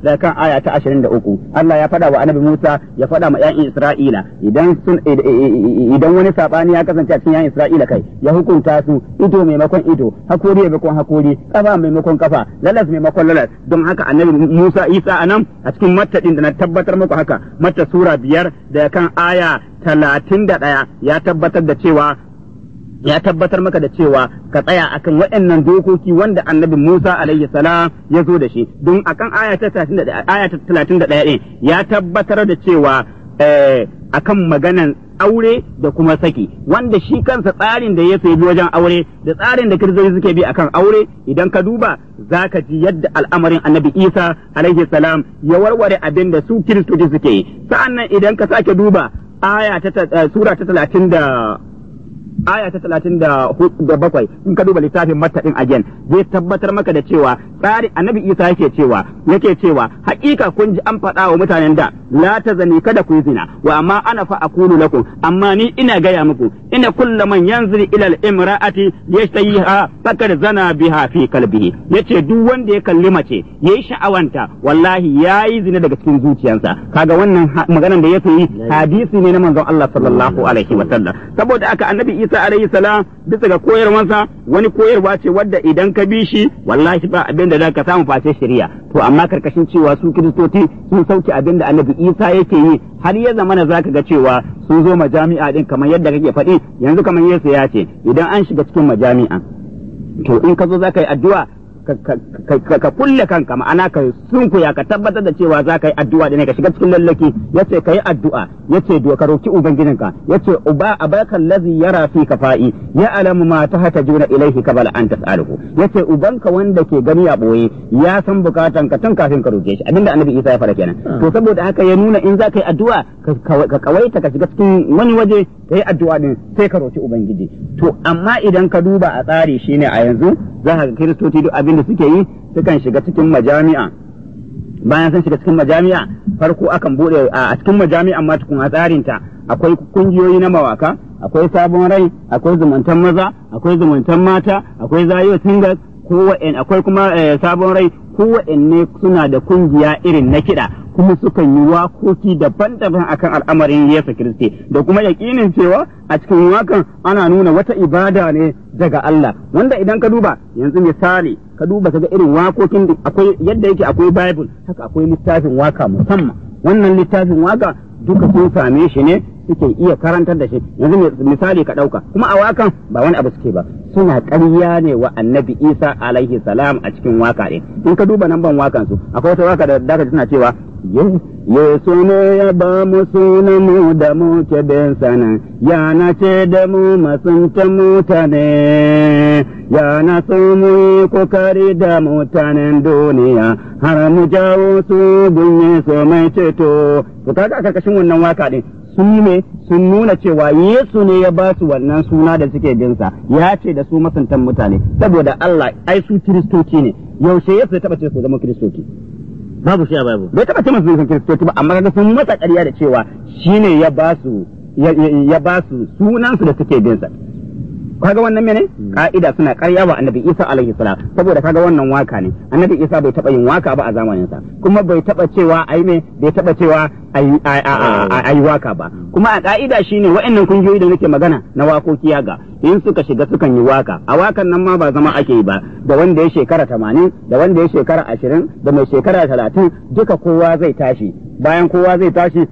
da kan aya ta 23 Allah ya faɗa wa annabi Musa ya faɗa ma 'yan Isra'ila idan sun idan wani sabani ya kasance a cikin ƴan Isra'ila kai ya hukunta su ido maimakon ido hakori maimakon hakori kafa maimakon kafa lalas maimakon lalas don haka annabi Musa Isa anan a cikin mattadi hadisin da na tabbatar muku haka mata sura biyar da kan aya talatin da ɗaya ya tabbatar da cewa ya tabbatar maka da cewa ka tsaya akan waɗannan dokoki wanda annabi Musa alayhi salam ya zo da shi don akan aya ta 31 ya tabbatar da cewa eh akan maganan aure da kuma saki wanda shi kansa tsarin da ya bi wajen aure da tsarin da kiristoci suke bi akan aure idan ka duba za ka ji yadda al'amarin annabi isa alaihi salam ya warware abinda da su kiristoci suke yi sa'annan idan ka sake duba aya ta eh, sura ta talatin da aya ta talatin bakwai in ka duba littafin mattaɗin again zai tabbatar maka da cewa bari annabi Isa yake cewa yake cewa hakika kun ji an faɗa wa mutanen da la tazani kada ku zina wa amma ana fa aqulu lakum amma ni ina gaya muku ina man yanzuri ila al-imra'ati yashtahiha fakad zana biha fi kalbihi yace duk wanda ya kalli mace yayi sha'awanta wallahi yayi zina daga cikin zuciyarsa kaga wannan maganar da yake yi hadisi ne na manzon Allah sallallahu alaihi wa sallam saboda aka annabi Isa alaihi salam bisa ga koyarwansa wani koyarwa ce wadda idan ka bi shi wallahi ba abin abin da za ka samu face shari'a to amma karkashin cewa su kiristoci sun sauke abin da annabi isa yake yi har ya zamana za ka ga cewa sun zo majami'a din kamar yadda kake faɗi yanzu kamar yesu ya ce idan an shiga cikin majami'a to in ka zo za ka yi addu'a ka kulle kanka ma'ana ka sunkuya ka tabbatar da cewa za ka yi addu'a ne ka shiga cikin lallaki yace ka yi addu'a yace ce ka roki ubangijinka yace uba abaka allazi yara fi kafa'i ya alamu ma juna ilaihi qabla an tas'aluhu yace ubanka wanda ke gani a boye ya san bukatan ka tun kafin ka roke shi abinda annabi Isa ya fara kenan ah. to saboda haka ya nuna in za ka yi addu'a ka kawaita ka shiga cikin wani waje ka yi addu'a din sai ka roki ubangiji to amma idan ka duba a tsari shine a yanzu za ka kiristoci duk abin da suke yi sukan shiga cikin majami'a bayan sun shiga cikin majami'a farko akan bude a cikin majami'a ma tukun a ta akwai kungiyoyi na mawaka akwai sabon rai akwai zumuntan maza akwai zumuntan mata akwai zayo kowa kowa'in akwai kuma eh, sabon rai ne suna da kungiya irin na kiɗa kuma sukan yi wakoki daban-daban akan al'amarin Yesu Kiristi da kuma yakinin cewa a cikin wakan ana nuna wata ibada ne daga Allah wanda idan ka duba yanzu misali ka duba ka ga irin wakokin da akwai yadda yake akwai bible haka akwai littafin waka musamman wannan littafin waka duka sun same shi ne suke iya karantar da shi yanzu misali ka ɗauka kuma a wakan ba wani abu suke ba suna ƙarya ne wa annabi isa alaihi salam a cikin waka ɗin in ka duba nan ban wakan su akwai wata waka da daga tana cewa Yesu ne ya ba mu suna mu da mu ke bin sana, ya na ce da mu masuntan mutane, ya na so mu yi kokari da mutanen duniya, har mu jawo su gun Yesu mai ceto. To kaga a karkashin wannan waka ɗin, sun ne sun nuna cewa Yesu ne ya ba su wannan suna da suke binsa, ya ce da su masuntan mutane, saboda Allah ai su Kiristoci ne, yaushe Yesu ya taɓa ce su zama Kiristoci. babu shi a babu bai taba ce masu nisan kiristoci ba amma ga sun masa ƙarya da cewa shine ya ba su ya ba su sunan su da suke bin sa kaga wannan mene hmm. ka'ida suna karya ba annabi isa alaihi salam saboda kaga wannan waka ne annabi isa bai taba yin waka ba a zamanin sa kuma bai taba cewa ai me bai taba cewa ai waka ba hmm. kuma a ka'ida shine wa'annan kungiyoyi da nake magana na wakoki yaga in suka shiga sukan yi waka a wakan nan ma ba zama ake yi ba da wanda ya shekara 80 da wanda ya shekara 20 da mai shekara talatin duka kowa zai tashi bayan kowa zai tashi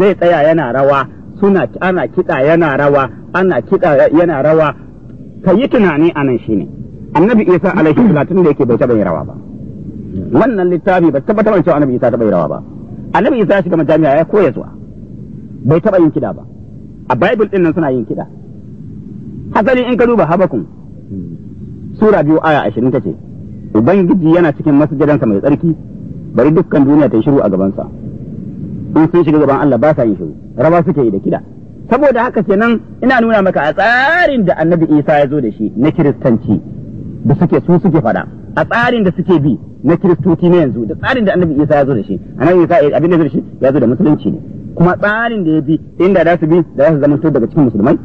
zai tsaya yana rawa suna ana kiɗa yana rawa ana kiɗa yana rawa ka yi tunani a nan shine annabi isa alaihi salatu da yake bai taɓa yin rawa ba wannan littafi ba tabbata da cewa annabi isa taɓa yin rawa ba annabi isa ya shiga majami'a ya koya zuwa bai taɓa yin kiɗa ba a bible din nan suna yin kiɗa hasali in ka duba habakun sura biyu aya ashirin ta ce ubangiji yana cikin masjidansa mai tsarki bari dukkan duniya ta yi shiru a gabansa in sun shiga gaban Allah ba sa yin shiru rawa suke yi da kida saboda haka kenan ina nuna maka a tsarin da annabi isa ya zo da shi na kiristanci da suke su suke fada a tsarin da suke bi na kiristoci na yanzu da tsarin da annabi isa ya zo da shi annabi isa eh, abin da ya zo da shi ya zo da musulunci ne kuma tsarin da ya bi inda za su bi da za su zama daga cikin musulmai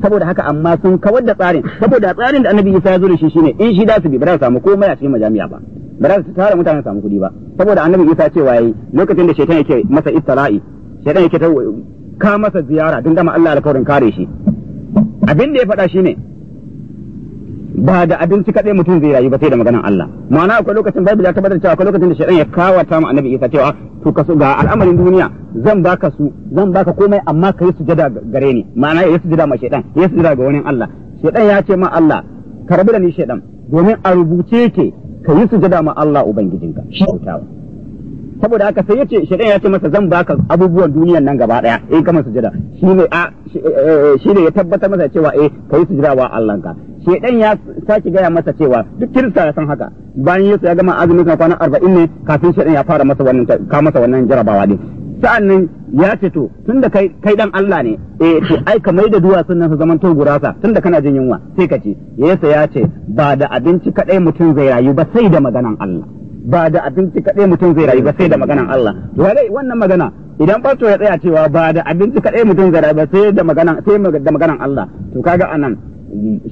saboda haka amma sun kawar da tsarin saboda tsarin da annabi isa ya zo da shi shine in shi da su bi ba za su samu komai a cikin majami'a ba ba za su tara mutane samu kuɗi ba saboda annabi Isa ce waye lokacin da shaitan yake masa ittala'i shaitan yake ta ka masa ziyara don dama Allah alkawarin kare shi abin da ya faɗa shine ba da abinci kaɗai mutum zai rayu ba sai da maganar Allah ma'ana akwai lokacin Bible ya tabbatar cewa akwai lokacin da shaitan ya kawata ma annabi Isa cewa to ka ga al'amarin duniya zan baka su zan baka komai amma ka yi sujada gare ni ma'ana ya jada ma shaitan ya sujada ga wani Allah shaitan ya ce ma Allah ka da ni shaitan domin a rubuce yake ka yi sujada ma Allah ubangijinka shi kyautawa saboda haka sai yace shi ya ce masa zan baka abubuwan duniyan nan gaba daya in eh, kama sujada jada. a eh, ya tabbatar masa cewa eh su sujada wa Allah ka shedan ya sake gaya masa cewa duk kirista ya san haka bayan Yesu ya gama azumin kwana arba'in ne kafin shedan ya fara masa wannan jarabawa wannan jarabawa ya ce to tun kai kai dan Allah ne eh to ai ka mai da duwatsun nan su zaman to gurasa da kana jin yunwa sai ka ce Yesu ya ce ba da abinci kadai mutum zai rayu ba sai da maganan Allah ba da abinci kadai mutum zai rayu ba sai da maganan Allah to dai wannan magana idan ba to ya tsaya cewa ba da abinci kadai mutum zai rayu ba sai da maganan sai da maganan Allah to kaga anan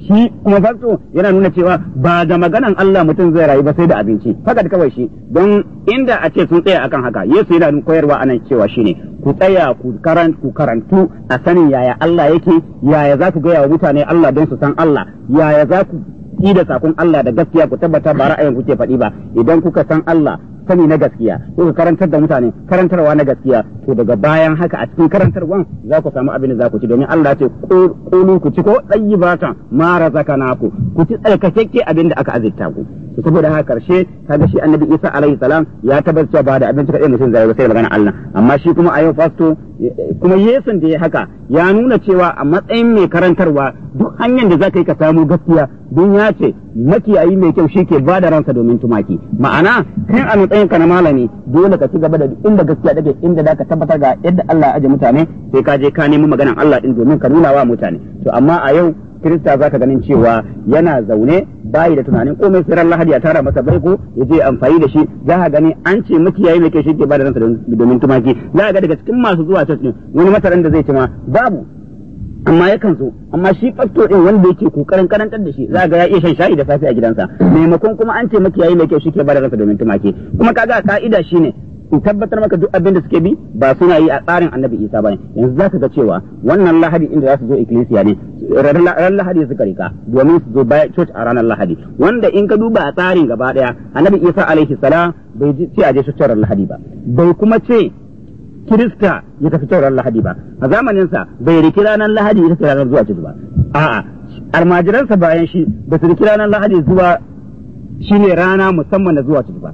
shi kuma fasto yana nuna cewa ba da maganan Allah mutum zai rayu ba sai da abinci fakat kawai shi don inda a ce sun tsaya akan haka Yesu yana koyarwa anan cewa shine ku tsaya ku karantu karantu a sanin yaya Allah yake yaya za ku gaya wa mutane Allah don su san Allah yaya za ku yi da sakon Allah da gaskiya ku tabbata ba ra'ayin ke faɗi ba idan kuka san Allah sani na gaskiya ko ka karantar da mutane karantarwa na gaskiya to daga bayan haka a cikin karantarwan za ku samu abin da za ku ci domin Allah ce kulu ku ci ko dayyibatan ma ku ci tsarkakekke abin da aka azirta ku saboda haka karshe ga shi annabi isa alaihi salam ya tabbatar ba da abinci kadai mutum zai sai magana Allah amma shi kuma a yau fasto kuma yesun da ya haka ya nuna cewa a matsayin mai karantarwa duk hanyar da za ka yi ka samu gaskiya don ya ce makiyayi mai kyau shi ke ba da ransa domin tumaki ma'ana kai a matsayin ka na malami dole ka ci gaba da inda gaskiya take inda za ka tabbatar ga yadda Allah ya aje mutane sai ka je ka nemi maganan Allah din domin ka nuna wa mutane to amma a yau kirista za ka ganin cewa yana zaune bayi da tunanin komai sai ran lahadi ya tara masa baiko ya je amfani da shi za ka gani an ce makiyayi mai kyau shi ke da ransa domin tumaki za ka ga daga cikin masu zuwa church din wani mataran da zai ci ma babu amma yakan zo amma shi pastor din wanda yake kokarin karantar da shi za ga ya iya shan shayi da safe a gidansa maimakon kuma an ce yayi mai kyau shi ke da ransa domin tumaki kuma kaga ka'ida shine in tabbatar maka duk abin da suke bi ba suna yi a tsarin annabi isa ba yanzu za ka ga cewa wannan lahadi inda za su zo ikkilisiya ne ran lahadi suka rika domin su zo bayan church a ranar lahadi wanda in ka duba a tsarin gaba daya annabi isa alaihi salam bai ce a je church ran lahadi ba bai kuma ce kirista ya tafi cewar lahadi ba a zamaninsa bai riki ranar lahadi ya tafi ranar zuwa ba a'a almajiransa bayan shi ba su riki ranar lahadi zuwa shine rana musamman da zuwa ba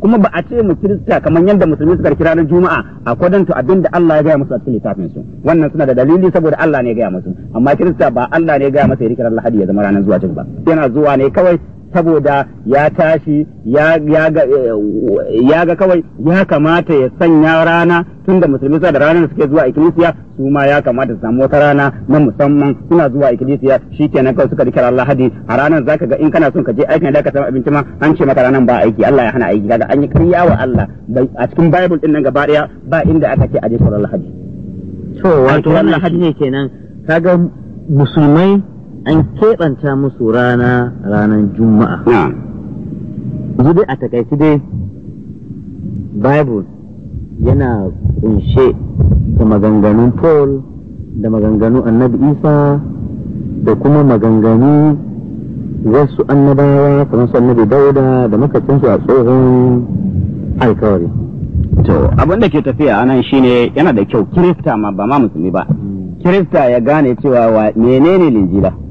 kuma ba a ce mu kirista kamar yadda musulmi suka kira ranar juma'a a kwadanto abinda Allah ya gaya musu a cikin littafin su wannan suna da dalili saboda Allah ne ya gaya musu amma kirista ba Allah ne ya gaya masa ya rikira lahadi ya zama ranar zuwa ba yana zuwa ne kawai saboda ya tashi eh, ya ga kawai ya kamata ya sanya rana tun da musulmi da ranar suke zuwa ikkilisiya su ma ya kamata su samu wata rana na musamman suna zuwa ikkilisiya shi nan kawai suka rikira lahadi a ranar zaka ga in kana son ka je aikin da ka samu abinci ma an ce maka ranar ba aiki Allah ya hana aiki kaga an yi karya wa Allah a cikin bible din nan gaba daya ba inda aka ce aje sauran lahadi to wato wannan lahadi kenan kaga musulmai an keɓanta musu rana ranar juma'a yanzu a takaici dai bible yana kunshe da maganganun paul da maganganun annabi isa da kuma maganganu wasu annabawa kamar su annabi dauda da makacinsu a tsohon alkawari to abin ke tafiya a nan shine yana da kyau kirista ma ba ma musulmi ba hmm. kirista ya gane cewa menene linjila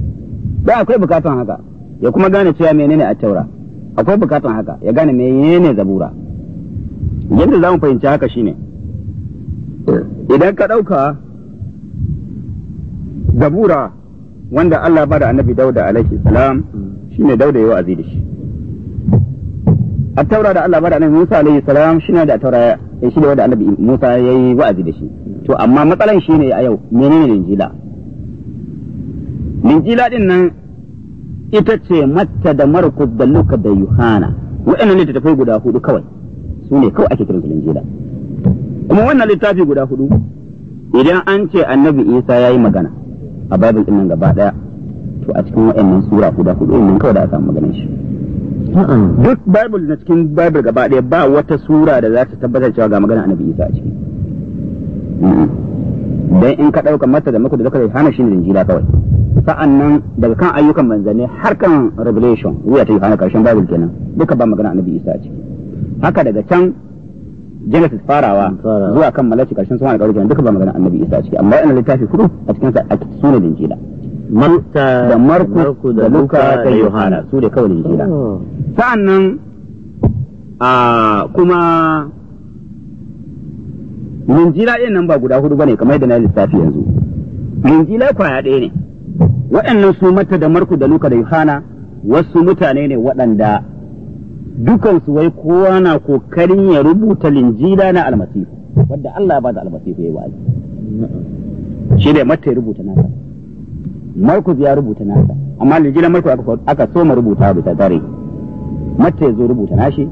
ba akwai bukatan haka ya kuma gane cewa menene a taura akwai bukatan haka ya gane menene zabura yadda za mu fahimci haka shine idan ka ɗauka zabura wanda Allah ba da annabi dauda alaihi salam shine dauda yawa wa'azi da shi a taura da Allah ba da annabi Musa alaihi salam shine da taura shi da wanda annabi Musa yayi wa'azi da shi to amma matsalan shine a yau menene injila linjila din nan ita ce matta da markus da luka da yohana ta tafi guda hudu kawai su ne kawai ake kiransu linjila kuma wannan littafi guda hudu idan an ce annabi isa ya yi magana a babin din nan gaba daya to a cikin wa'annan sura guda hudu ɗin nan kawai da aka samu magana shi duk bible na cikin bible gaba daya ba wata sura da za ta tabbatar cewa ga magana annabi isa a ciki dan in ka ɗauka mata da muku da zaka hana shi ne linjila kawai Sa'an nan daga kan ayyukan manzanni har kan revelation wuya ta yohana karshen babu kenan duka ba magana annabi isa a ciki haka daga can genesis farawa zuwa kan malaci karshen sama da kenan duka ba magana annabi isa a ciki amma yana littafi kudu a cikin sa a da. injila da marku da luka da yohana su da kawai injila oh. Sa'an nan kuma linjila yin nan ba guda hudu ne kamar yadda na lissafi yanzu linjila kwaya ɗaya ne waɗannan su mata da marku da luka da yohana wasu mutane ne waɗanda dukansu wai kowa na kokarin ya rubuta linjila na almasihu wadda Allah ba da almasihu ya wa'azi shi ne mata ya rubuta nasa markus ya rubuta nasa amma linjilan markus aka soma rubuta rubuta dare mata ya zo rubuta nashi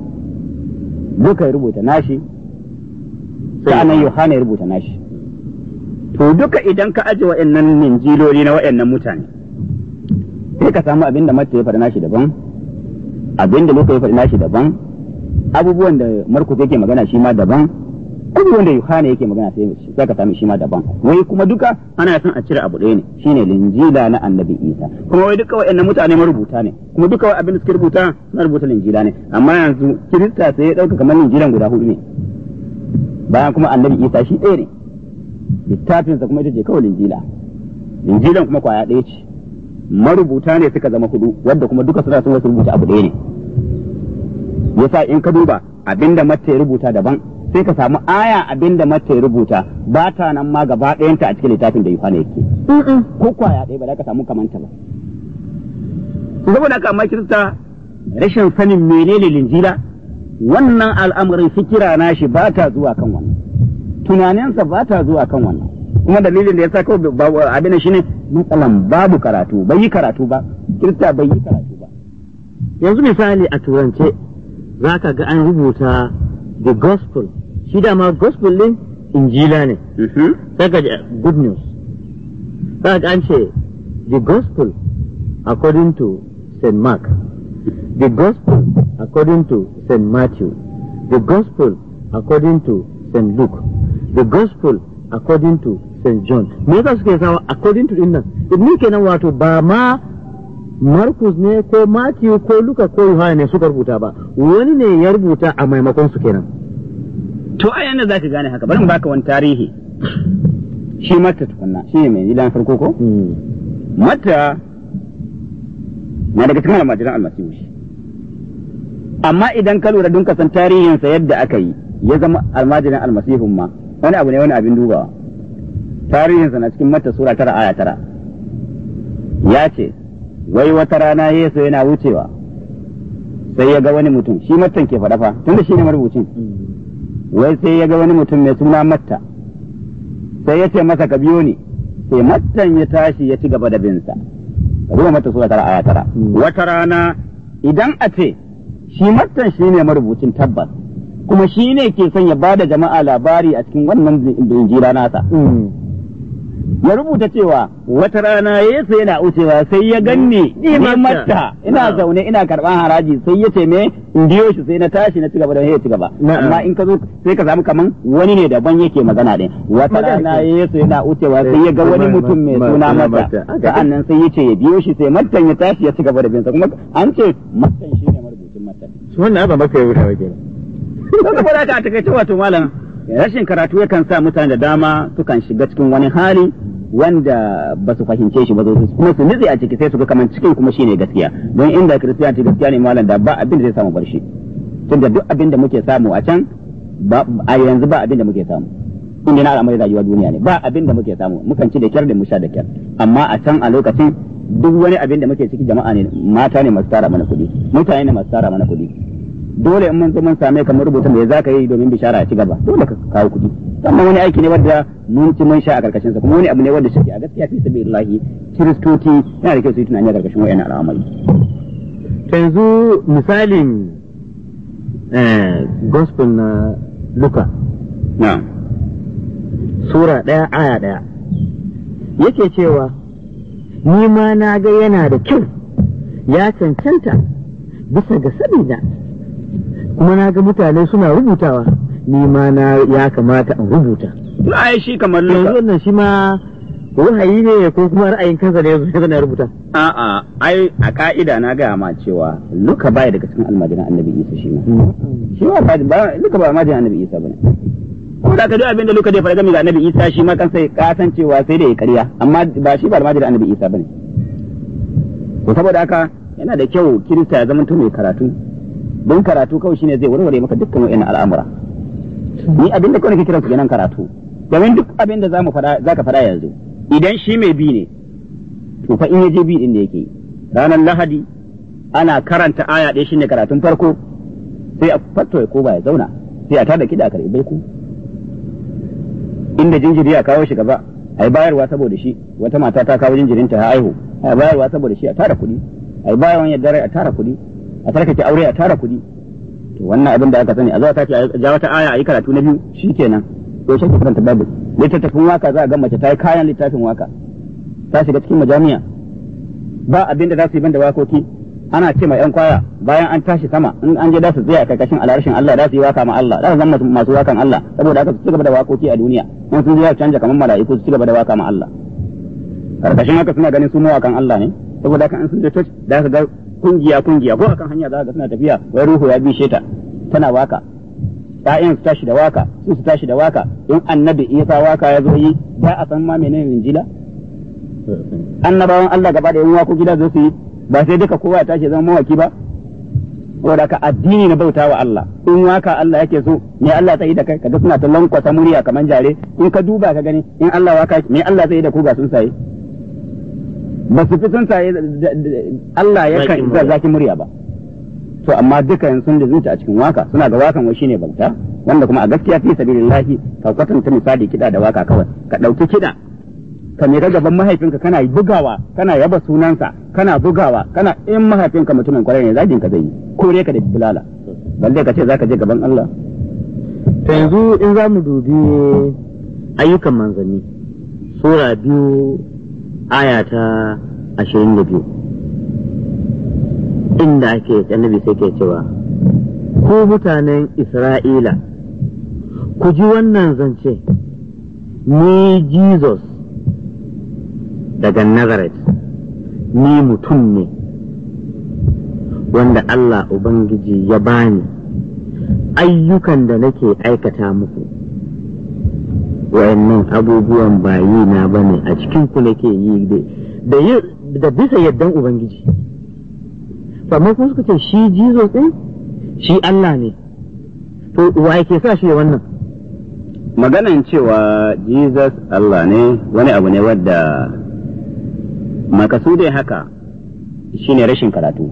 luka ya rubuta nashi sa'anan yohana ya rubuta nashi to duka idan ka aje wa'annan ninjiloli na wa'annan mutane sai ka samu abin da matta ya faɗi nashi daban abin da luka ya faɗi nashi daban abubuwan da markus yake magana shi ma daban abubuwan da yohana yake magana sai ka samu shi ma daban wai kuma duka ana son a cire abu ɗaya ne shine linjila na annabi isa kuma wai duka wa'annan mutane marubuta ne kuma duka abin da suke rubuta suna rubuta linjila ne amma yanzu kirista sai ya ɗauka kamar linjilan guda hudu ne bayan kuma annabi isa shi ɗaya ne littafinsa kuma ita ce kawai linjila linjilan kuma kwaya ɗaya ce marubuta ne suka zama hudu wadda kuma duka suna sun wasu rubuta abu ɗaya ne yasa in ka duba abinda mata ya rubuta daban sai ka samu aya abinda mata ya rubuta ba ta nan ma gaba ɗayanta a cikin littafin da Yohana yake ko kwaya ɗaya ba za ka samu kamanta ba saboda haka amma kirista rashin sanin menene linjila wannan al'amarin fikira na shi ba ta zuwa kan wannan tunaninsa ba ta zuwa kan wannan kuma dalilin da ya sa kawai babu abin shi ne matsalan babu karatu bai yi karatu ba kirta bai yi karatu ba yanzu misali a turance za ka ga an rubuta the gospel shi dama gospel din injila ne mhm. sai ka eh, good news za ka an ce the gospel according to St. Mark the gospel according to St. Matthew the gospel according to St. Luke the gospel according to St. John me yasa suke sawa according to din nan eh, ibn kenan wato ba ma Markus ne ko Matthew ko Luka ko Yohana ne suka rubuta ba wani ne ya rubuta a maimakon su kenan to a yanda zaka gane haka bari mu baka wani tarihi shi mata tukunna shi ne mai gidan farko ko hmm. mata na daga cikin almajiran almasihu shi amma idan ka lura dun kasan tarihinsa yadda aka yi ya zama almajiran almasihun ma wani abu ne wani abin dubawa tarihinsa na cikin mata sura tara aya tara ya ce wai wata rana yesu yana wucewa sai ya ga wani mutum shi mattan ke faɗa fa tunda shi ne marubucin wai sai ya ga wani mutum mai suna matta sai ya ce masa ka biyo ni sai mattan ya tashi ya ci gaba da binsa ruwa mata sura tara aya tara wata rana idan a ce shi mattan shi ne marubucin tabbas kuma shi ne ke son ya bada jama'a labari a cikin wannan jira nasa mm. ya rubuta cewa wata rana Yesu yana wucewa sai ya ganni nimarta ina zaune ina karban haraji sai ya ce me in biyo shi sai na tashi na cigaba da ya cigaba amma in ka zo sai ka samu kaman wani ne daban yake magana din wata rana Yesu yana wucewa sai ya ga eh, wani mutum mai suna mata nan sai ya ce ya biyo shi sai mattan ya tashi ya cigaba da binsa kuma an ce mattan shi ne marubucin mattan wannan abin baka yi wuta kenan Don da haka a takaice wato malam rashin karatu yakan sa mutane da dama sukan shiga cikin wani hali wanda ba su fahimce shi ba su kuma su nitsi a ciki sai su ga kamar cikin kuma shine gaskiya don inda kiristiyanci gaskiya ne malam da ba abin da zai samu barshi tunda duk abin da muke samu a can ba a yanzu ba abin da muke samu inda na al'amari rayuwa duniya ne ba abin da muke samu mukan ci da kyar da mu sha da kyar amma a can a lokacin duk wani abin da muke ciki jama'a ne mata ne masu tara mana kuɗi mutane ne masu tara mana kuɗi dole in mun zo mun same ka mu rubuta me zaka yi domin bishara ya ci gaba dole ka kawo kuɗi wannan wani aiki ne wanda mun ci mun sha a karkashin sa kuma wani abu ne wanda shi a gaskiya fi sabilillahi kiristoci yana da kyau su yi tunani a karkashin wayannan al'amari ta yanzu misalin eh, gospel na luka na sura ɗaya aya ɗaya yake cewa ni ma na ga yana da kyau ya cancanta bisa ga sabida kuma na ga mutane suna rubutawa ni ma na ya kamata in rubuta ai shi kamar yanzu wannan shi ma wahayi ne ko kuma ra'ayin kansa ne yanzu zai rubuta a'a ai a ka'ida na gaya ma cewa luka baya daga cikin almajiran annabi isa shi ma mm-hmm. shi ma luka ba almajiran annabi isa bane ko da ka duk abin da luka zai fara gami ga annabi isa shi ma kansa ya cewa sai da ya karya amma ba shi ba almajiran annabi isa bane ko saboda haka yana da kyau kirista ya zama mai karatu don karatu kawai shine zai warware maka dukkan wa'in al'amura ni abin da kawai nake kiran ku kenan karatu domin duk abin da zamu fada zaka fada yanzu idan shi mai bi ne to fa in yaje bi din da yake ranar lahadi ana karanta aya ɗaya shine karatun farko sai a fatto ko koba ya zauna sai a tada kida a karɓi ku inda jinjiri a kawo shi gaba a yi bayarwa saboda shi wata mata ta kawo jinjirinta ta haihu a yi bayarwa saboda shi a tara kuɗi a yi bayarwa yadda a tara kuɗi a tsarkake aure a tara kuɗi to wannan abin da aka sani a zuwa ta ce a ja wata aya a yi karatu na biyu shikenan to shi ke karanta babu littattafin waka za a ga mace ta yi kayan littafin waka ta shiga cikin majami'a ba abin da za su yi banda wakoki ana ce ma yan kwaya bayan an tashi sama in an je da su tsaya karkashin alarshin Allah da su yi waka ma Allah da su zama masu wakan Allah saboda haka su gaba da wakoki a duniya in sun je canja kamar mala'iku su cigaba gaba da waka ma Allah karkashin haka suna ganin su mawakan Allah ne saboda haka in sun je church da su ga kungiya kungiya ko akan hanya za ka suna tafiya wai ruhu ya bishe ta tana waka ƴaƴan su tashi da waka su su tashi da waka in annabi isa waka ya zo yi ba a san ma menene injila annabawan Allah gaba da yan waku gida zo su yi ba sai duka kowa ya tashi zama mawaki ba saboda ka addini na bauta wa Allah in waka Allah yake so me Allah yi da kai kaga suna ta lankwasa murya kamar jare in ka duba ka gani in Allah waka me Allah yi da ku ga sun saye ba su fi tsuntsaye Allah ya kan zaki murya ba to amma duka sun da zuta a cikin waka suna ga wakan wai shine bauta wanda kuma a gaskiya fi sabilillahi ka kwatanta misali kida da waka kawai ka dauki kida ka me ga gaban mahaifinka kana bugawa kana yaba sunansa kana bugawa kana in mahaifinka mutumin kwarai ne zagin ka zai yi kore ka da bulala balle ka ce zaka je gaban Allah to yanzu in za mu dubi ayyukan manzanni sura biyu aya ta ashirin da biyu inda ake canabi sai ke cewa ku mutanen isra'ila ku ji wannan zance ni jesus daga Nazaret ni mutum ne wanda allah ubangiji ya bani ayyukan da nake aikata muku wayannan abubuwan ba yi na bane a cikin ku nake yi da da bisa yardan ubangiji amma kuma suka ce shi jizo din shi Allah ne to wa yake sa shi wannan maganan cewa Jesus Allah ne wani abu ne wadda makasudin haka shine rashin karatu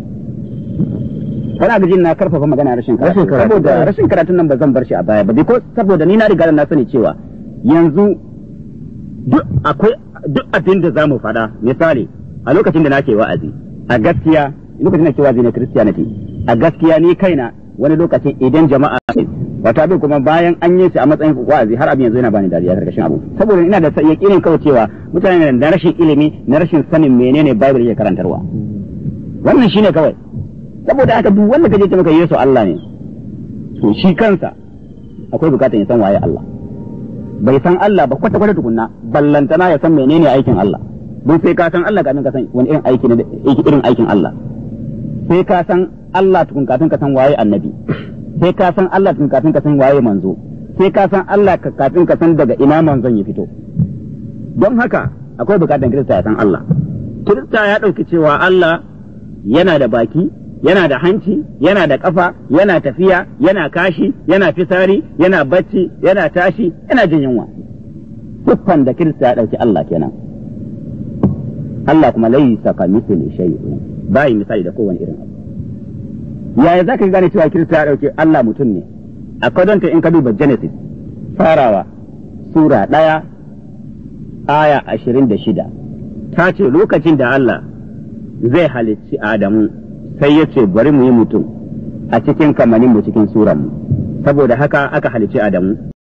kana ga jin na karfafa magana rashin karatu saboda eh. rashin karatun nan ba zan bar shi a baya ba because saboda ni na riga na sani cewa yanzu duk akwai duk abin da zamu faɗa misali a lokacin da nake wa'azi a gaskiya lokacin da nake wa'azi na Christianity a gaskiya ni kaina wani lokacin idan jama'a wata bai kuma bayan an yi shi a matsayin wa'azi har abin yanzu yana bani dariya karkashin abu saboda ina da yakinin kawai cewa mutane na rashin ilimi na rashin sanin menene Bible ya karantarwa wannan shine kawai saboda haka duk wanda kaje ta maka Yesu Allah ne to shi kansa akwai bukatar ya san waye Allah bai san Allah ba kwata kwata tukunna ballantana ya san menene aikin Allah don sai ka san Allah kafin ka san wani irin aiki ne irin aikin Allah sai ka san Allah tukun kafin ka san waye annabi sai ka san Allah tukun kafin ka san waye manzo sai ka san Allah kafin ka san daga ina manzon ya fito don haka akwai bukatar Kirista ya san Allah Kirista ya ɗauki cewa Allah yana da baki yana da hanci yana da kafa yana tafiya yana kashi yana fisari yana bacci yana tashi yana jin yunwa dukkan da kirista ya ɗauki Allah kenan Allah kuma laisa ka mithli shay'in bai misali da kowane irin abu yaya zaka gane cewa kirista ya ɗauki Allah mutum ne according to in ka duba Genesis farawa sura ɗaya aya ashirin da shida ta ce lokacin da Allah zai halicci Adamu sai ya ce bari mu yi mutum a cikin kamanin mu cikin suran mu saboda haka aka halice Adamu